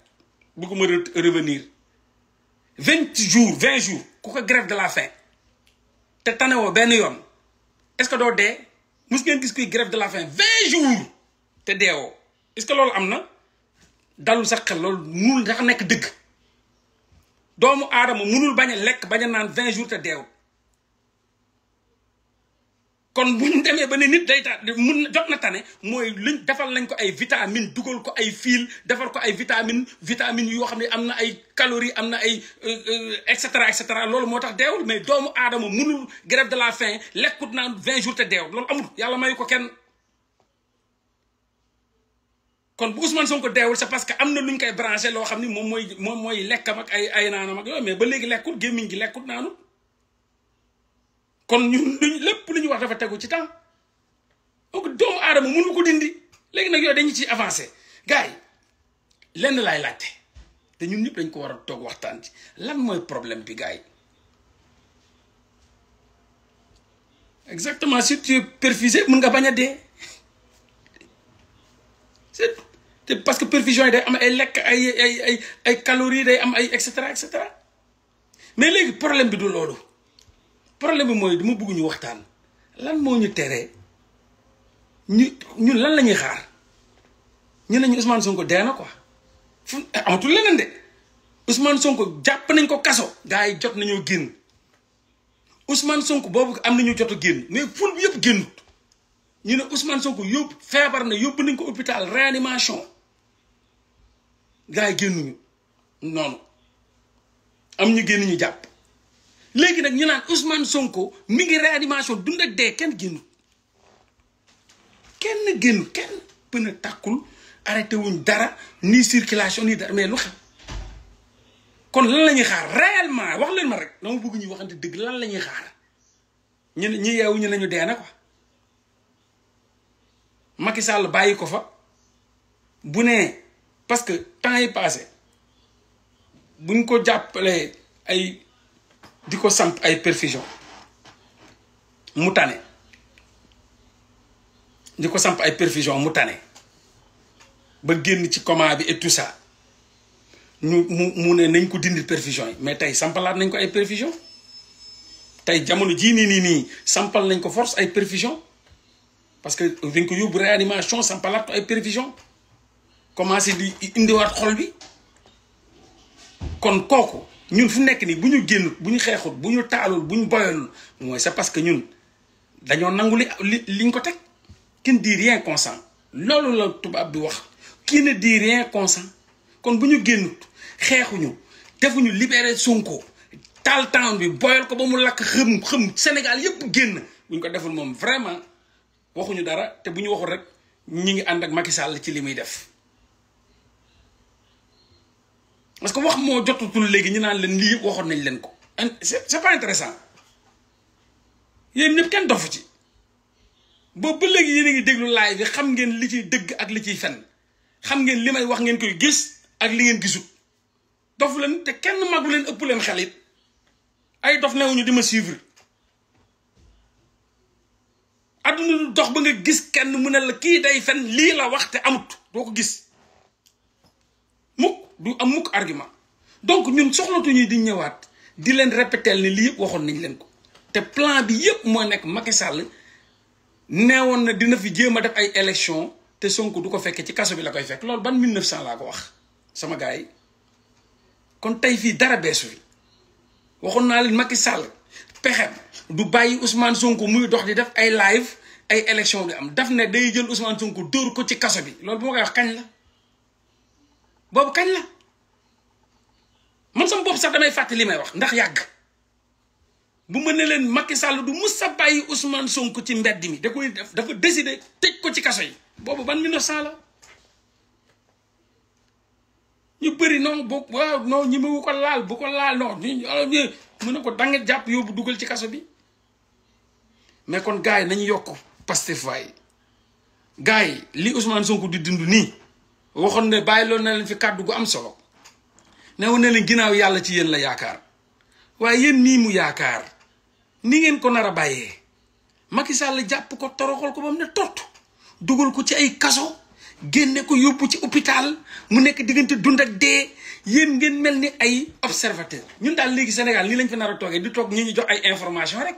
bëgguma revenir vingt jours vingt jours ku ko grève de la faim te tanewoo benn yoon est-ce que doo dee mus ngeen gis kuy grève de la faim vingt jours te deewoo est-ce que loolu am na dalul sa xel loolu munul dafa nekk dëgg doomu aadama munul bañ lekk bañ a naan vingt jours te deew kon bu ñu demee ba ne nit day ta mun jot na tane mooy ñu defal lañ ko ay vitamine dugal ko ay fil defal ko ay vitamine vitamine yoo xam ne am na ay calories am na ay euh, et cetera et cetera loolu moo tax deewul mais doomu aadama munul grève de la fin lekkut naan vingt jours te deewul loolu amul yàlla mayu ko kenn kon bu Ousmane Sonko deewul c'est parce que am na lu ñu koy branché loo xam ni moom mooy moom mooy lekkam ak ay ay naanam yooyu mais ba léegi lekkut gémmiñ gi lekkut naanut kon ñun luñ lépp lu ñu wax dafa tegu ci temps donc doomu aadama mënu ko dindi léegi nag yooyu dañu ciy avancé gars lenn laay laajte te ñun ñëpp dañ ko war a toog waxtaan ci lan mooy problème bi gars exactement si tu mun nga bañ a dee c'est te parce que perfusion yi day am ay lekk ay ay ay ay calories day am ay et cetera et cetera mais léegi problème bi du loolu problème bi mooy dama bëgg ñu waxtaan lan moo ñu teree ñu ñun lan la ñuy xaar ñu nañu ñu Ousmane Sonko dee na quoi fu amatul leneen de Ousmane Sonko jàpp nañ ko kaso. gars yi jot nañoo génn Ousmane Sonko boobu am nañu jot a génn mais ful bi yëpp génnut ñu ne Ousmane Sonko yóbbu feebar na yëpp nañ ko hôpital réanimation gars génn génnuñu noonu am ñu génn ñu jàpp. léegi nag ñu naan Ousmane Sonko mi ngi réanimation dund ak dee kenn génnu kenn génnu kenn pën takkul tàkkul wuñ dara ni circulation ni dara mais lu xam kon lan la ñuy xaar réellement wax leen ma rek dama bëgg ñuy waxante dëgg lan la ñuy xaar ñu ne ñu yeewuñu ñu dee na quoi Macky Sall bàyyi ko fa bu nee parce que temps yi passé buñ ko jàppalee ay. diko samp ay perfusion mutané diko samp ay perfusion mutané ba génn ci coma bi et tout ça ñu mu né ne nañ ko dindi perfusion mais tay sampalat nañ ko ay perfusion tay jamono jii ni ni ni sampal nañ ko force ay perfusion parce que dañ ko yóbbu réanimation sampalat ay perfusion commencé di wat xol bi kon kooku ñun fu nekk nii bu ñu génnut bu ñu xeexut bu ñu taalul bu ñu boyalul mooy c'est parce que ñun dañoo nangu li li liñ ko teg qui ne dit rien consent loolu la tubaab bi wax qui ne dit rien consent kon bu ñu génnut xeexuñu defuñu libéré Sonko taal temps bi boyal ko ba mu lakk xëm xëm Sénégal yëpp génn bu ko deful moom vraiment waxuñu dara te bu ñu waxul rek ñu ngi ànd ak Macky ci li muy def parce que wax moo jotatul léegi ñu naan leen lii yëpp waxoon nañ leen ko c'est pas intéressant yéen ñëpp kenn dofu ci boobu léegi yéen a ngi déglu laay bi xam ngeen li ciy dëgg ak li ciy fen xam ngeen li may wax ngeen koy gis ak li ngeen gisut dof leen te kenn mag leen ëpp leen xel it ay dof newuñu di ma suivre adduna du dox ba nga gis kenn mu ne la kii day fen lii la wax te amut boo ko gis mukk du am mukk argument donc ñun soxlatu ñuy di ñëwaat di leen répéter ni li yëpp waxoon nañ leen ko te plan bi yëpp moo nekk Macky Sall neewoon na dina fi jéem a def ay élection te Sonko du ko fekkee ci kaso bi la koy fekk loolu ban 1900 laa ko wax sama gaay kon tey fii dara beesu fi waxoon naa leen Macky Sall pexem du bàyyi Ousmane Sonko muy dox di def ay live ay élection di am daf ne day jël Ousmane Sonko dóor ko ci kaso bi loolu bu ma koy wax kañ la boobu kañ la man sama bopp sax damay fatali may wax ndax yag bu ma ne Macky Sall du musa Baye Ousmane Sonko ci mbeddi mi da koy def dafa décider tej ko ci kasso yi boobu ban 1900 la ñu bari non bok waaw non ñi mu ko laal bu ko laal non ah, mu ne ko da japp jàpp yóbbu dugal ci kasso bi mais kon gaay nañu yokk Pastef waay li Ousmane Sonko di dund ni waxoon ne bàyyi loon na leen fi kàddu gu am solo ne na leen ginaaw yàlla ci yéen la yaakaar waaye yéen nii mu yaakaar ni ngeen ko nar a bàyyee Macky Sall jàpp ko toroxal ko ba mu ne tott ko ci ay kaso génne ko yóbbu ci hôpital mu nekk diggante dund ak dee yéen ngeen mel ni ay observateur ñun daal léegi Sénégal nii lañ ko nar a toogee di toog ñu ñu jox ay information rek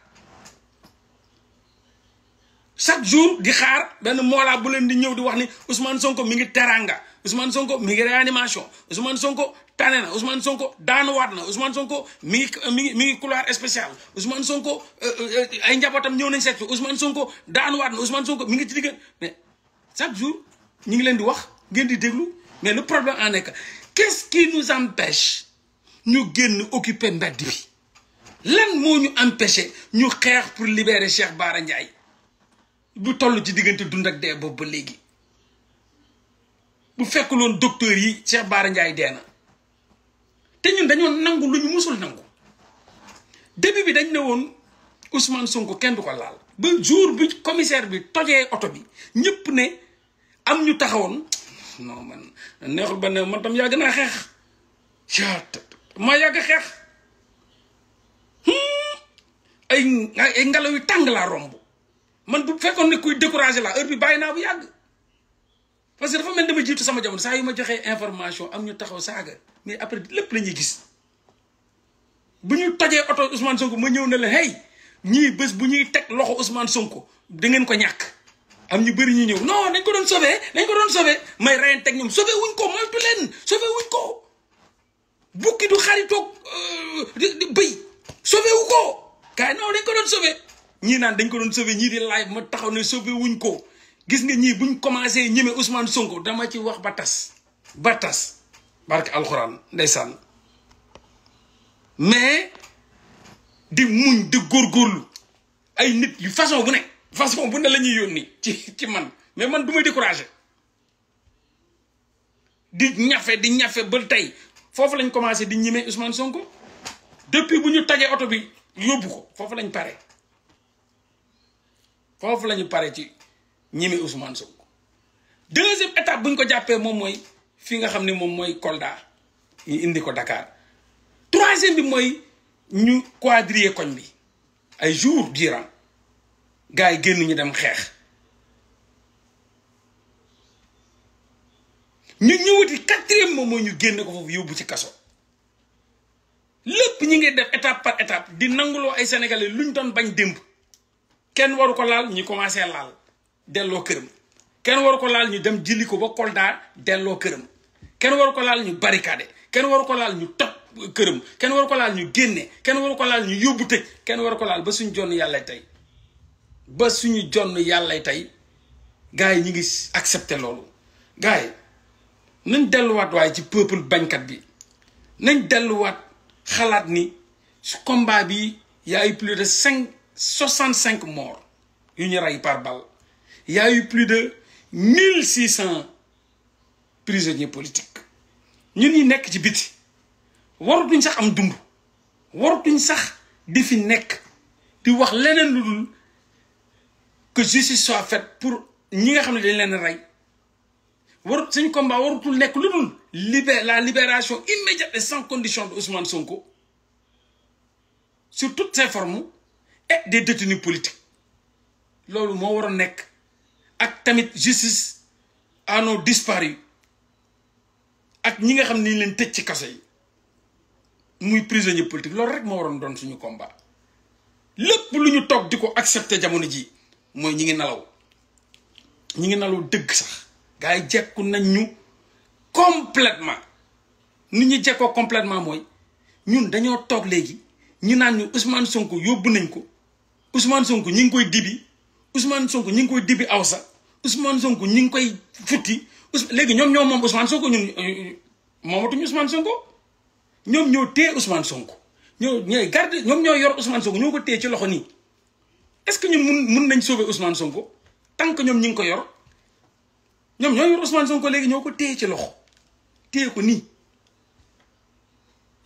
chaque jour di xaar benn moolaa bu leen di ñëw di wax ni Ousmane Sonko mi ngi teranga Ousmane Sonko mi ngi réanimation Ousmane Sonko tane na Ousmane Sonko daanuwaat na Ousmane Sonko mi ngi mi ngi mi ngi couloir spécial Ousmane Sonko euh, euh, ay njabootam ñëw nañ seet si Ousmane Sonko daanuwaat na Ousmane mi ngi ci digg mais chaque jour ñu ngi leen di wax ngeen di déglu mais le problème en est que qu'est-ce qui nous empêche ñu génn occuper mbedd bi lan moo ñu empêché ñu xeex pour libérer Cheikh Bara Ndiaye. bu toll ci diggante dund ak dee boobu ba léegi bu fekk loon docteur yi Cheikh Bara Ndiaye dee na te ñun dañoo nangu lu ñu musul nangu début bi dañ ne woon Ousmane Sonko kenn du ko laal. ba jour bi commissaire bi tojee oto bi ñëpp ne am ñu taxawoon non man neexul ba ne man tam gën a xeex yaa ma yàgg xeex ay ay ngelaw yu tàng laa romb. man bu fekkoon ne kuy découragé la heure bi bàyyi naa bu yàgg parce que dafa mel dama jiitu sama jamono saa yu ma joxee information am ñu taxaw saaga mais après lépp la ñuy gis bu ñuy tojee oto Ousmane Sonko ma ñëw na la hey ñii bés bu ñuy teg loxo Ousmane Sonko da ngeen ko ñàkk. am ñu bëri ñu ñëw non dañ ko doon sauvé dañ ko doon sauvé may reyen teg ñoom sauvé wuñ ko moytu leen sauvé wuñ ko bukki du xaritoog euh, di bëy sauvé wu ko gars yi dañ ko doon sauvé. ñii naan dañ ko doon sauver ñii di live ma taxaw ne sauver wuñ ko gis nga ñii buñ commencé ñeme Ousmane Sonko dama ci wax ba tas ba tas barke alxuraan ndeysaan mais di muñ di góorlu ay nit yu façon bu ne façon bu ne la ñuy yónni ci ci man mais man du may découragé di ñafe di ñafe ba tey foofu lañ commencé di ñime Ousmane Sonko depuis bu ñu tajee oto bi yóbbu ko foofu lañ pare foofu la ñu pare ci ñimi Ousmane Sonko deuxième étape buñ ko jàppee moom mooy fii nga xam ne moom mooy Kolda ñu indi ko Dakar troisième bi mooy ñu quadriller koñ bi ay jour durant gars yi génn ñu dem xeex ñu ñëwati quatrième moom mooy ñu génn ko foofu yóbbu ci kaso lépp ñu ngi def étape par étape di nanguloo ay sénégalais luñ doon bañ démb kenn waru ko laal ñu commencé laal delloo këram kenn waru ko laal ñu dem jëli ko ba Kolda delloo këram kenn waru ko laal ñu barricade kenn waru ko laal ñu toj këram kenn waru ko laal ñu génne kenn waru ko laal ñu yóbbu tëj kenn waru ko laal ba suñu jonn yàllay tey ba suñu jonn yàllay tey gars yi ñu ngi accepté loolu gars nañ delluwaat waaye ci peuple bañkat bi nañ delluwaat xalaat ni combat bi yaa a eu plus de cinq 65 morts une par balle y a eu plus de 1600 prisonniers politiques Nous sommes nekk ci biti nous sax am dund sax di fi di wax que justice soit faite pour ñi nga nous combat la libération immédiate et sans condition de Sonko sur toutes ses formes et des détenus politiques loolu moo waroon nekk ak tamit justice à nos disparus ak ñi nga xam ni leen tëj ci kaso yi muy prisonnier politique loolu rek moo waroon doon suñu combat lépp lu ñu toog di ko accepter jamono ji mooy ñi ngi nalaw ñi ngi nalaw dëgg sax gars yi jekku nañ ñu complètement nit ñu jekkoo completement mooy ñun dañoo toog léegi ñu naan ñu Ousmane Sonko yóbbu nañ ko Ousmane Sonko ñi ngi koy dibi Ousmane Sonko ñi ngi koy dibi awsa Ousmane Sonko ñi ngi koy futti léegi ñoom ñoo moom Ousmane Sonko ñun euh, moomatuñu Ousmane Sonko ñoom ñoo téye Ousmane Sonko ñoo ñooy garde ñoom ñoo yor Ousmane Sonko ñoo ko téye ci loxo nii est-ce que ñun mun mun nañ sauver Ousmane Sonko tant que ñoom ñi ngi ko yor ñoom ñoo yor Ousmane Sonko léegi ñoo ko téye ci loxo téye ko nii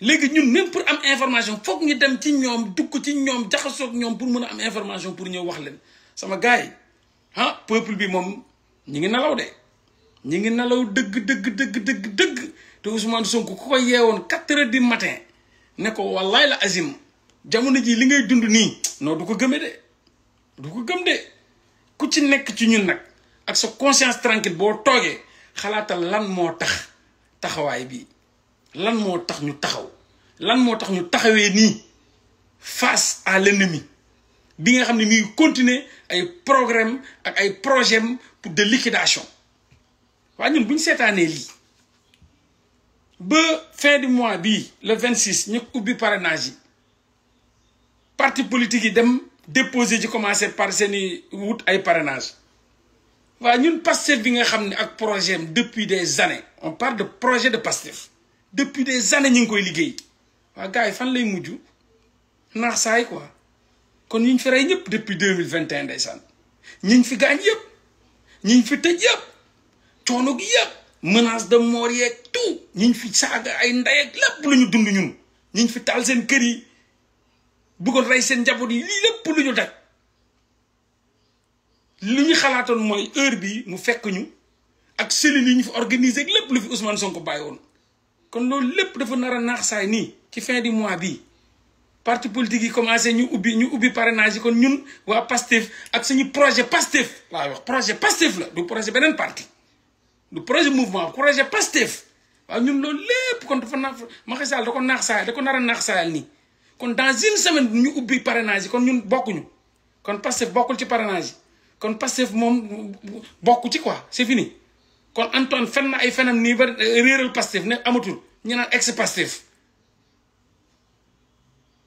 léegi ñun même pour am information foog ñu dem ci ñoom dugg ci ñoom jaxasoog ñoom pour mun a am information pour ñëw wax leen sama gars yi ah peuple bi moom ñu ngi nelaw de ñu ngi nelaw dëgg dëgg dëgg dëgg dëgg te Ousmane Sonko ku ko yeewoon quatre heures du matin ne ko wallaay la azim jamono ji li ngay dund nii noo du ko gëme de du ko gëm de ku ci nekk ci ñun nag ak sa conscience tranquille boo toogee xalaatal lan moo tax taxawaay bi lan mo tax ñu taxaw lan mo tax ñu taxawé ni face à l'ennemi bi nga xamni mi continuer ay programme ak ay projet pour de liquidation wa ñun bu sétané li ba fin du mois bi le 26, six ñu ubbi parrainage parti politique yi dem déposer ji commencer par seeni wut ay parrainage wa ñun Pastef bi nga xamni ak projet depuis des années on parle de projet de pasteur. depuis des années ñu ngi koy liggéey waa gars yi fan lay mujj naax saay quoi kon ñu fi rey ñëpp depuis deux mille vingt et un ndeysaan ñi fi gaañ yëpp ñi fi tëj yëpp coono gi yëpp menace de mort yeeg tout ñi fi saaga ay ndey ak lépp lu ñu dund ñun ñi fi taal seen kër yi bëggoon rey seen njaboot yi lii lépp lu ñu daj li ñu xalaatoon mooy heure bi mu fekk ñu ak cellules yi ñu fi organisé lépp lu fi Ousmane Sonko bàyyi woon kon loolu lépp dafa nar du mois bi parti politique comme commencé ñu ubi ñu parrainage kon ñun PASTEF projet PASTEF projet PASTEF la projet parti le projet mouvement projet PASTEF waaw ñun le lépp kon dafa dans une semaine ñu ubi parrainage kon ñun kon PASTEF beaucoup parrainage kon PASTEF quoi c'est fini kon Antoine fen na ay fenam nii ba eh, réeral Pastef ne amatul ñu naan ex Pastef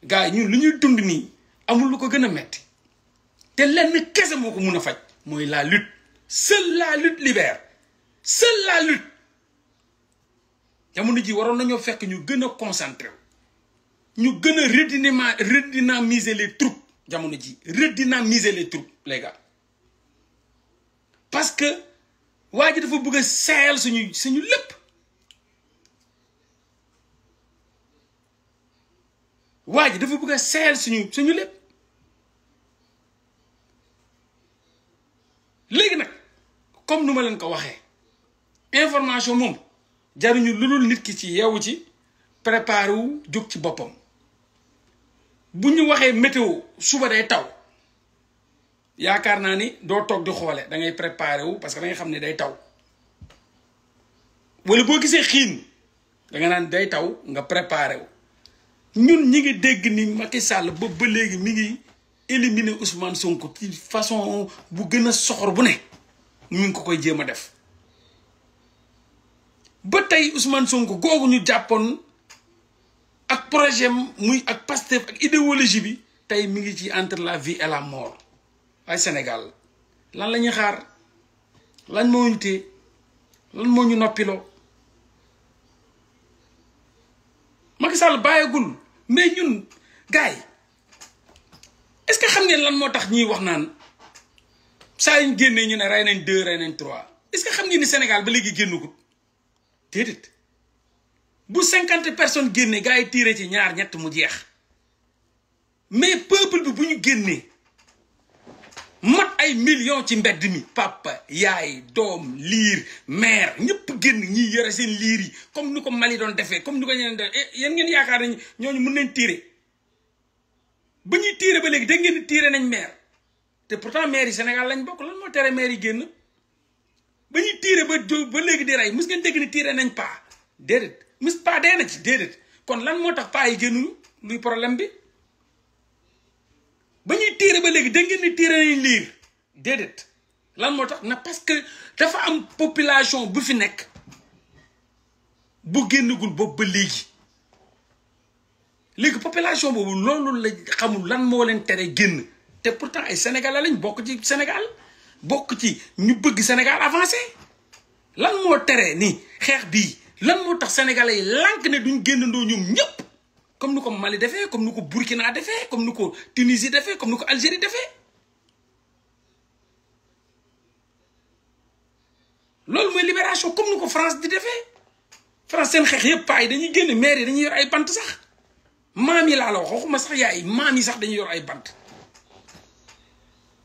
gars yi ñun lu ñuy dund nii amul lu ko gën a metti te lenn kese moo ko mun a faj mooy la lutte seule la lutte libère seule la lutte jamono ji waroon nañoo fekk ñu gën a concentré ñu gën a redynama redynamiser les troupes jamono ji redynamiser les troupes les gars parce que waa ji dafa bëgg a seeyal suñu suñu lépp waa ji dafa bugg a suñu suñu lépp léegi nag comme nu ma leen ko waxee information moom jaruñu lulul nit ki ci yeewu ci préparé wu jóg ci boppam bu ñu waxee météo suba day taw yaakaar naa ni doo toog di xoole da ngay préparer wu parce que da xam ni day taw wala boo gisee xiin da nga naan day taw nga préparer ñun ñi ngi dégg ni Macky Sall ba ba léegi mi ngi éliminer Ousmane Sonko ci façon bu gën a soxor bu ne ñu ngi ko koy jéem a def ba tey usman Sonko googu ñu jàppoon ak projet muy ak Pastef ak idéologie bi tey mu ngi ci entre la vie et la mort. ay sénégal lan lañu xaar lan mo ñu téye lan mo ñu noppiloo Macky Sall bàyyagul mais ñun gaay est-ce que xam ngeen lan moo tax ñuy wax naan sa ñu génné ñu né ray nañ 2 ray nañ 3 est-ce que xam ngeen ni Sénégal ba légui génnu génnagul dedet bu 50 personnes génné gaay tiré ci ñaar ñett mu jeex mais peuple bi bu ñu génnee. mat ay millions ci mbedd mi papa yaay doom liir mair ñëpp génn ñiy yore seen liir yi comme ni ko Mali doon defee comme ni ko ñeneen def eh, yéen ngeen yaakaar nañ ñu mën nañ tiire ba ñuy tiire ba léegi da ngeen tiire nañ mère te pourtant mère lañ bokk lan moo tere yi génn ba ñuy tiire ba ba léegi di rey mus ngeen dégg ni tiire nañ paa déedéet mus paa dee na ci déedéet kon lan moo tax paa yi génnuñu luy problème bi ba ñuy téere ba léegi da ni téere yi liir déedéet lan moo tax na parce que dafa am population bu fi nekk bu génnagul boobu ba léegi léegi population boobu loolu la xamul lan moo leen tere génn te pourtant ay sénégalais lañ bokk ci Sénégal bokk ci ñu bëgg Sénégal avancé lan moo tere ni xeex bii lan moo tax sénégalais yi lànk ne duñ génnandoo ñoom ñëpp. comme nous comme Mali comme nous Burkina comme nous Tunisie comme nous comme Algérie L'homme est libération comme nous comme France dit Français ne sont pas, ils n'y gênent mère, ils n'y ont pas tout ça. Mami là alors, comment ça y les mami ça n'y aura pas.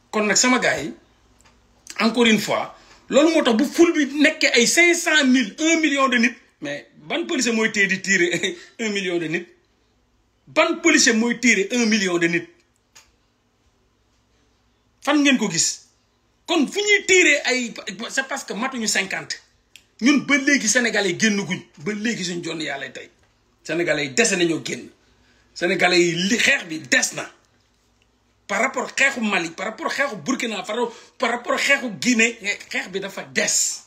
Quand nous sommes gai, encore une fois, l'homme est au que 500 000, 1 million de nits, mais bonne police a été tirée 1 million de nits. ban policier mooy tiire un million de nit fan ngeen ko gis kon fi ñuy tiiree ay c'est parce que matuñu cinquante ñun ba léegi sénégalais génn guñ ba léegi suñ jonn yàlla tey sénégalais yi dese nañoo génn sénégalais yi li xeex bi des na par rapport xeexu Mali par rapport xeexu Burkina par rapport xeexu Guinée xeex bi dafa des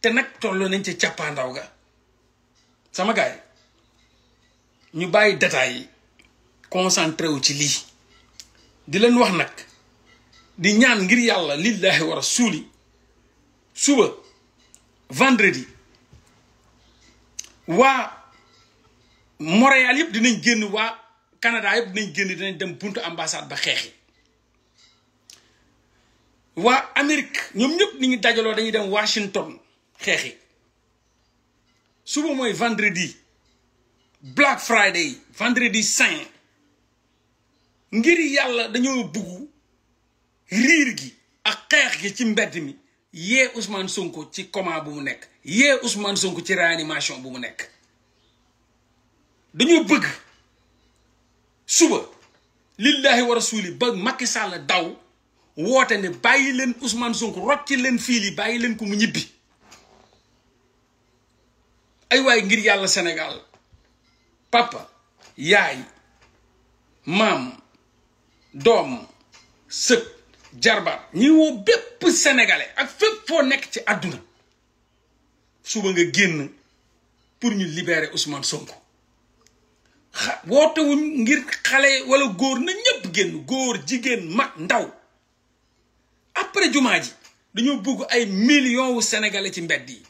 te nag tolloo nañ ci càppaandaw ga sama gaay ñu bàyyi détails yi concentré wu ci lii di leen wax nag di ñaan ngir yàlla lillahi wa rasuli suba vendredi waa Montréal yëpp dinañ génn waa Canada yëpp dinañ génn dinañ dem buntu ambassade ba xeexi waa Amérique ñoom ñëpp ni ñu dajaloo dañuy dem Washington xeexi suba mooy vendredi Black Friday vendredi saint ngir yàlla dañoo bugg riir gi ak xeex gi ci mbedd mi yee Ousmane Sonko ci coma bu mu nekk yee Ousmane Sonko ci réanimation bu mu nekk dañoo bëgg suba lillahi wa rasuli ba makki sàll daw woote ne bàyyi leen Ousmane Sonko ci leen fii yi bàyyi leen ko mu ñibbi ay waay ngir yàlla Sénégal papa yaay maam doom sët jarbaat ñi woo bépp sénégalais ak fépp foo nekk ci àdduna suba nga génn pour ñu libérer Ousmane Sonko xa wootewuñ ngir xale walla góor na ñëpp génn góor jigéen mag ndaw après jumaa ji dañoo bugg ay millions wu sénégalais ci mbedd yi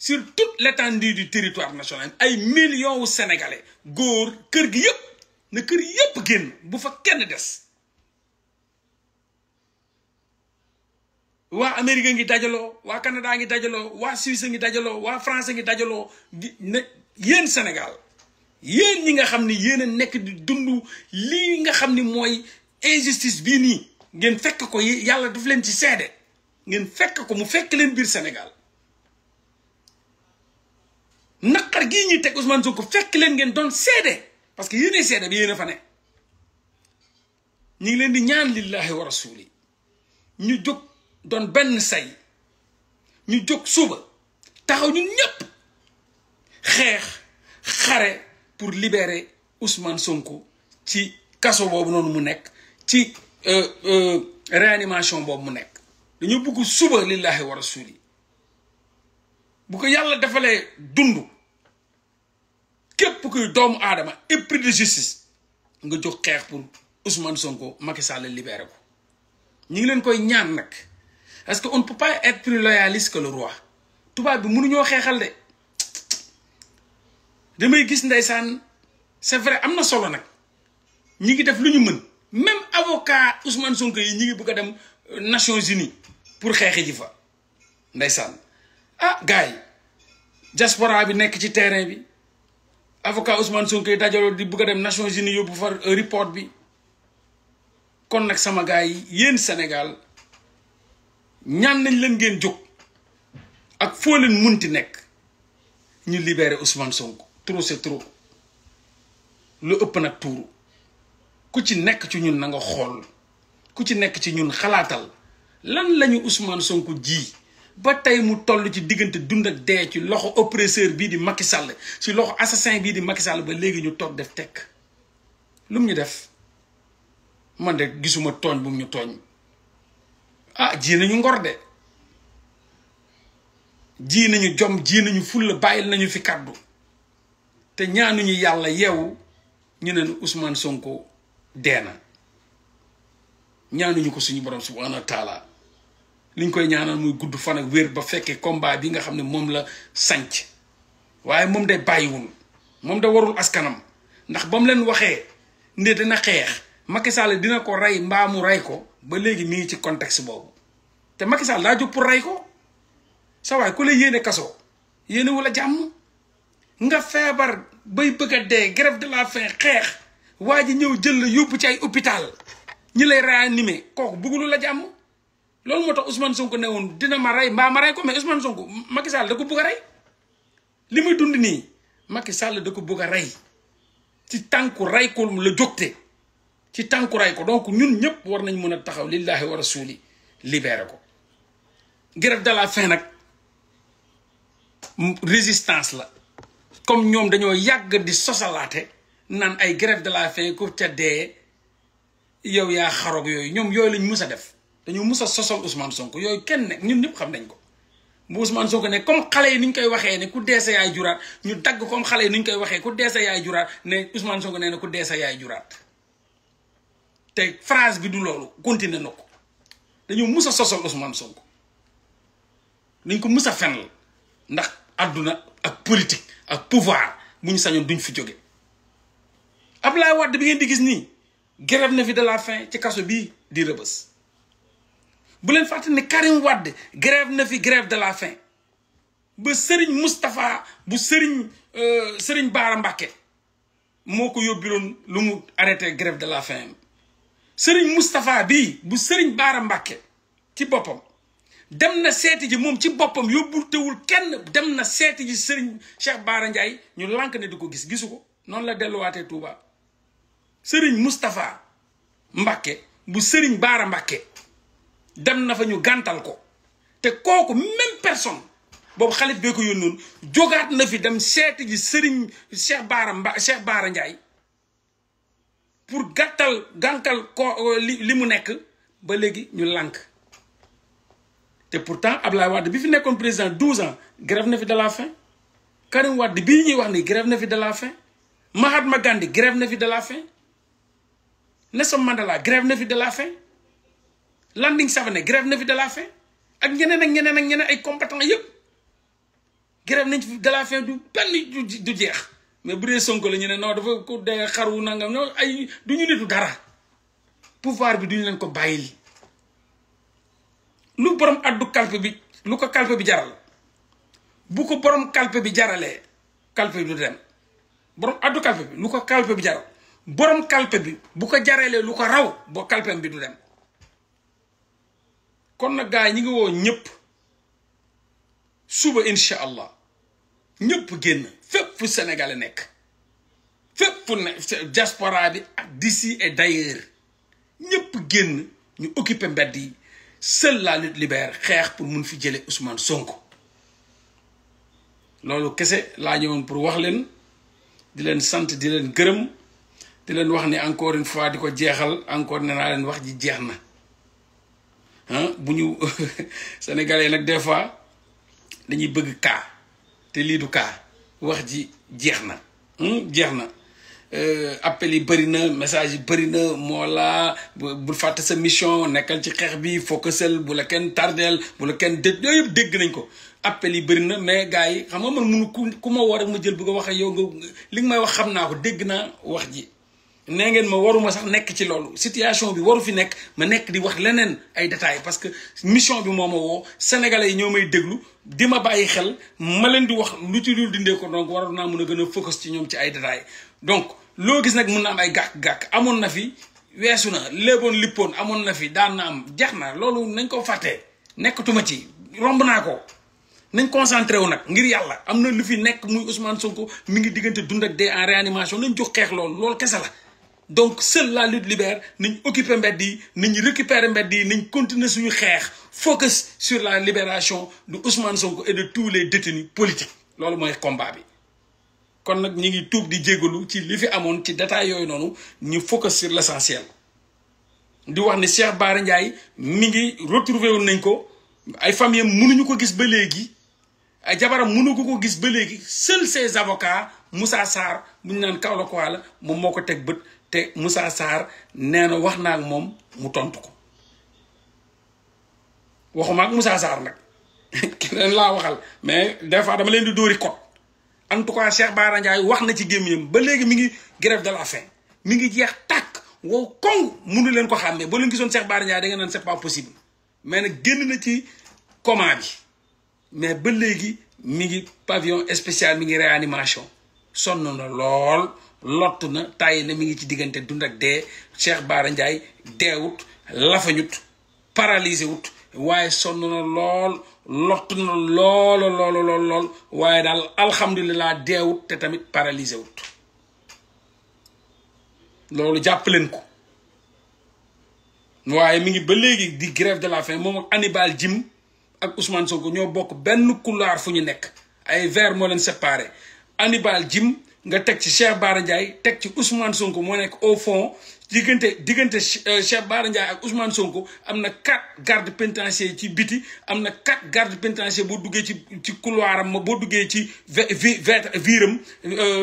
sur toute l'étendue du territoire national ay millions wu sénégalais góor kër gi yëpp na kër yëpp génn bu fa kenn des waa Amérique ngi dajaloo waa Canada ngi dajaloo waa Suisse ngi dajaloo waa France ngi dajaloo ne yéen Sénégal yéen ñi nga xam ni yéen a nekk di dund lii nga xam ni mooy injustice bii nii ngeen fekk ko yàlla daf leen ci seede ngeen fekk ko mu fekk leen biir Sénégal naqar gii ñuy teg Ousmane Sonko fekk leen ngeen doon seede parce que yéenay seede bi yéen a fa ne ñu ngi leen di ñaan lillahi wa rasuli ñu jóg doon benn sey ñu jóg suba taxaw ñun ñëpp xeex xare pour libere Ousmane Sonko ci kaso boobu noonu mu nekk ci euh, euh, réanimation boobu mu nekk dañoo bëgg suba lillahi wa rasuli bu ko yàlla defalee dund képp kuy doomu aadama esprit de justice nga jóg xeex pour Ousmane Sonko Macky Sall libéré ko ñu ngi leen koy ñaan nag parce que on ne peut pas être plus loyaliste que le roi tubaab bi mënuñoo xeexal de damay gis ndeysaan c'est vrai am na solo nag ñi ngi def lu ñu mën même avocat Ousmane Sonko yi ñi ngi bëgg a dem euh, Nations uni pour xeexi ji fa ndeysaan ah gars yi diaspora bi nekk ci terrain bi avocat Ousmane Sonko yi dajaloo di bëgg a dem Nations Unies yóbbu far euh, report bi kon nag sama gars yi yéen Sénégal ñaan lañ leen ngeen jóg ak foo leen munti nekk ñu libeere Ousmane Sonko trop c'est trop lu ëpp nag tuuru ku ci nekk ci ñun nanga xool ku ci nekk ci ñun xalaatal lan lañu Ousmane Sonko ji ba tey mu toll ci diggante dund ak dee ci loxo oppresseur bii di Macky Sall ci loxo assassin bii di Macky Sall ba léegi ñu toog def tekk lum ñu def man de gisuma tooñ bu ñu tooñ ah ji nañu ngor de ji nañu jom ji nañu ful bayil nañu fi kàddu te ñaanuñu yàlla yew ñu ne Ousmane Sonko ñaanuñu ko suñu borom subhanahu wa taala li ñu koy ñaanal muy gudd fan ak wér ba fekkee combat bi nga xam ne moom la sanc waaye moom day bàyyiwul moom de warul askanam ndax ba mu leen waxee ne dina xeex Macky Sall dina ko rey mbaamu rey ko ba léegi mi ngi ci contexte boobu te Macky Sall daa jóg pour rey ko sa waay ku la yéene kaso yéene wala jàmm nga feebar bay bëgg a dee grève de la faim xeex waa ji ñëw jël la yóbbu ci ay hôpital ñi lay réanimer kooku bëggulu la jàmm loolu moo tax Ousmane Sonko ne woon dina ma rey mbaa ma rey ko mais Ousmane Sonko Macky Sall da ko bëgg a rey li muy dund nii Macky Sall da ko bugg a rey ci tànku rey ko la jógte ci tànku rey ko donc ñun ñëpp war nañ mën a taxaw lillahi wa rasuli libéré ko. grève de la faim nag résistance la comme ñoom dañoo yàgg di sosalaate naan ay grève de la faim ko ca dee yow yaa xaroog yooyu ñoom yooyu lañ mës a def. dañu musa a sosal Ousmane Sonko yooyu kenn nekk ñun ñëpp xam nañ ko bu Ousmane Sonko ne comme xale yi ni koy waxee ne ku dee sa yaay ñu dagg comme xale yi ni koy waxee ku dee sa yaay ne Ousmane Sonko nee na ku dee sa yaay juraat te bi du loolu continué na ko dañu mus a sosal Sonko dañ ko mus a fenal ndax àdduna ak politique ak pouvoir bu ñu sañoon duñ fi jóge Abdoulaye Wade bi ngeen di gis nii grève na fi de la faim ci kaso bii di rëbës bu leen fàtte ne Karim Wade grève na fi grève de la faim ba sëriñ Moustapha bu sëriñ euh, sëriñ Baara Mbàkke moo ko yóbbiloon lu mu arrêté grève de la faim sëriñ Moustapha bi bu sëriñ Baara Mbàkke ci boppam dem na seeti ji moom ci boppam yóbbul tewul kenn dem na seeti ji sëriñ Cheikh Baara Ndiaye ñu lànk ne di ko gis gisu ko noonu la delluwaatee Touba sëriñ Moustapha Mbàkke bu sëriñ Baara Mbàkke dem na fa ñu gàntal ko te kooku même personne boobu xale bee ko yónnoon jogaat na fi dem seeti ji sëriñ Cheikh Baara Mba Cheikh Baara Ndiaye pour gàttal gànkal ko li li mu nekk ba léegi ñu lànk te pourtant Ablaye Wade bi fi nekkoon président 12 ans grève na fi de la faim Karim Wade bii ñuy wax ni grève na fi de la faim Mahatma Gandhi grève na fi de la faim Nelson Mandela grève na fi de la faim Landing Savané eh, grève na fi de la faim ak ñeneen ak ñeneen ak ñeneen ay combattants yépp grève nañ fi de la faim du ben du jeex mais bu dee Sonko la ñu ne non dafa ko dee xaru nangam ñoo ay duñu nitu dara pouvoir bi duñu leen ko bàyyil lu borom addu kalpe bi lu ko kalpe bi jaral bu ko borom kalpe bi jaralee kalpe bi du dem borom addu kalpe bi lu ko kalpe bi jaral borom kalpe bi bu ko jaralee lu ko raw bo kalpe bi du dem kon nag gars yi ñi ngi woo ñëpp suba incha allah ñëpp génn fépp fu sénégalais nekk fépp fu ne diaspora bi ak d'ici et d'ailleurs ñëpp génn ñu occupé mbedd yi seule la lutte libère xeex pour mun fi jële Ousmane Sonko loolu kese laa ñëwoon pour wax leen di leen sant di leen gërëm di leen wax ni encore une fois di ko jeexal encore ne naa leen wax ji jeex na bu ñu sénégal [LAUGHS] sénégalais nag des fois dañuy bëgg kaa te lii du kaa wax ji jeex na jeex na euh, appel yi bëri na message yi bëri na moo laa bul fàtte sa mission nekkal ci xeex bi focusel bu la kenn tardeel bu la kenn dé yooyu yëpp dégg nañ ko appel yi bëri na mais gars yi xam nga man munu ku ku ma woo rek ma jël bëgg a waxee yoo nga li nga may wax xam naa ko dégg naa wax ji nee ngeen ma waruma sax nekk ci loolu situation bi waru fi nekk ma nekk di wax leneen ay détails parce que mission bi moo ma woo sénégalais yi ñoo may déglu di ma bàyyi xel ma leen di wax lu ci dul dindee ko donc waroon naa mun a gën a focus ci ñoom ci ay détails donc loo gis nag mun na am ay gàkk-gàkk amoon na fi weesu na léegoon lippoon amoon na fi daan na am jeex na loolu nañ koo fàttee nekkatuma ci romb naa ko nañ concentré wu nag ngir yàlla am na lu fi nekk muy Ousmane Sonko mi ngi diggante dund ak en réanimation nañ jox xeex loolu loolu kese la donc seule la lutte libère nañ occuper mbedd yi nañ récupérer mbedd yi nañ continuer suñu xeex focus sur la libération de Ousmane Sonko et de tous les détenus politiques loolu mooy combat bi kon nag ñu ngi tuub di jégalu ci li fi amoon ci détail yooyu noonu ñu focus sur l'essentiel di wax ni Cheikh Bara Ndiaye mi ngi retrouver woon nañ ko ay famille mënuñu ko gis ba léegi ay jabaram mënu ko ko gis ba léegi seuls ses avocats Moussa Sarr bu ñu naan Kaolack la moom moo ko teg bët te Moussa Sarr nee na wax naa ak moom mu tontu ko waxuma ak Moussa Sarr nag [LAUGHS] keneen laa waxal mais des fois dama leen di dóori kot en tout cas Cheikh Bara wax na ci gémmiñam ba léegi mi ngi grève de la faim mi ngi jeex tàkk wow koŋ mënu leen ko xàmmee ba leen gisoon Cheikh Bara Ndiaye da ngeen naan c'est pas mais nag génn na ci coma mais ba léegi mi ngi pavillon spécial mi ngi réanimation sonn na lool. lott na tàyyi na mi ngi ci diggante dund ak dee Cheikh Baara Ndiaye deewut lafañut paralysé wut waaye sonn na lool lott na lool lool lool waaye daal alhamdulilah deewut te tamit paralysé wut jàpp leen ko waaye mu ngi ba léegi di grève de la faim moom ak Hannibal Djim ak Ousmane Sonko ñoo bokk benn couloir fu ñu nekk ay verre moo leen séparé Hannibal Djim nga teg ci Cheikh Bara Ndiaye teg ci Ousmane Sonko moo nekk au fond diggante diggante euh, Cheikh Bara Ndiaye ak Ousmane Sonko am na quatre gardes pénitentiaires ci biti am na quatre gardes pénitentiaires boo duggee ci ci couloir am boo duggee ci viram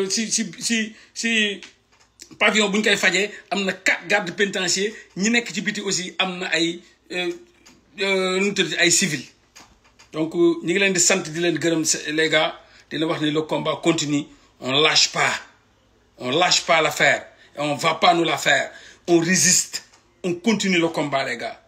si si si si pavillon bu ñu koy fajee am na quatre gardes pénitentiaires ñi nekk ci biti aussi am na ay euh, euh, nu mu tudd ay civil donc ñi ngi leen di sant di leen gërëm les gars di la wax ni le combat continue On ne lâche pas. On ne lâche on ne va pas nous la faire. On résiste. On continue le combat, les gars.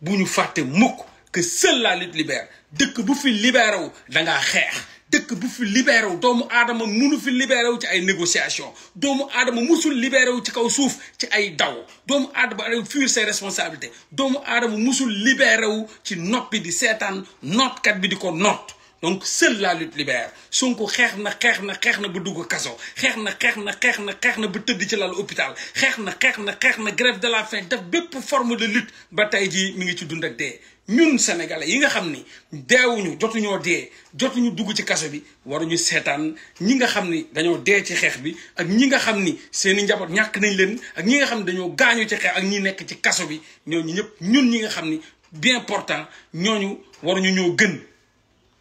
bu ñu fàtte mukk que seule la lutte libère dëkk bu fi libéré wu da ngaa xeex dëkk bu fi libéré wu doomu aadama munu fi libéré wu ci ay négociation doomu aadama musul libéré wu ci kaw suuf ci ay daw doomu aadama ay fuir ses responsabilité doomu aadama musul libéré wu ci noppi di seetaan nootkat bi di ko noot donc seule la lutte libère Sonko xeex na xeex na xeex na ba dugg kaso xeex na xeex na xeex na xeex na ba tëdd ci lal hôpital xeex na xeex na xeex na grève de la faim def bépp forme de lutte ba tey jii mi ngi ci dund ak dee ñun sénégalais yi nga xam ni deewuñu jotuñoo dee jotuñu dugg ci kaso bi waruñu seetaan ñi nga xam ni dañoo dee ci xeex bi ak ñi nga xam ni seeni njaboot ñàkk nañ leen ak ñi nga xam ni dañoo gaañu ci xeex ak ñi nekk ci kaso bi ñooñu ñëpp ñun ñi nga xam ni bien portant ñooñu waruñu ñoo gën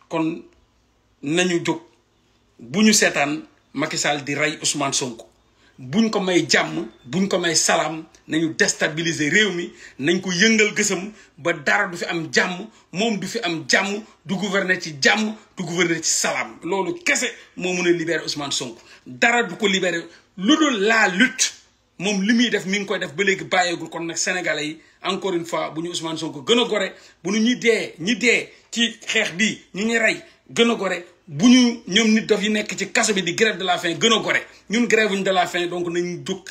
kon nañu jóg bu ñu seetaan Macky Sall di rey Ousmane Sonko buñ ko may jàmm buñ ko may salaam nañu déstabiliser réew mi nañ ko yëngal gësëm ba dara du fi am jàmm moom du fi am jàmm du gouverner ci jàmm du gouverner ci salaam loolu kese moo mun a libérer Ousmane Sonko dara du ko libérer lu dul la lutte moom li muy def mi ngi koy def ba léegi bàyyeegul kon nag sénégalais yi encore une fois bu ñu Ousmane Sonko gën a gore bu ñu ñi dee ñi dee. Qui xeex bi ñu Bounou, grève de la faim nous grève de la faim donc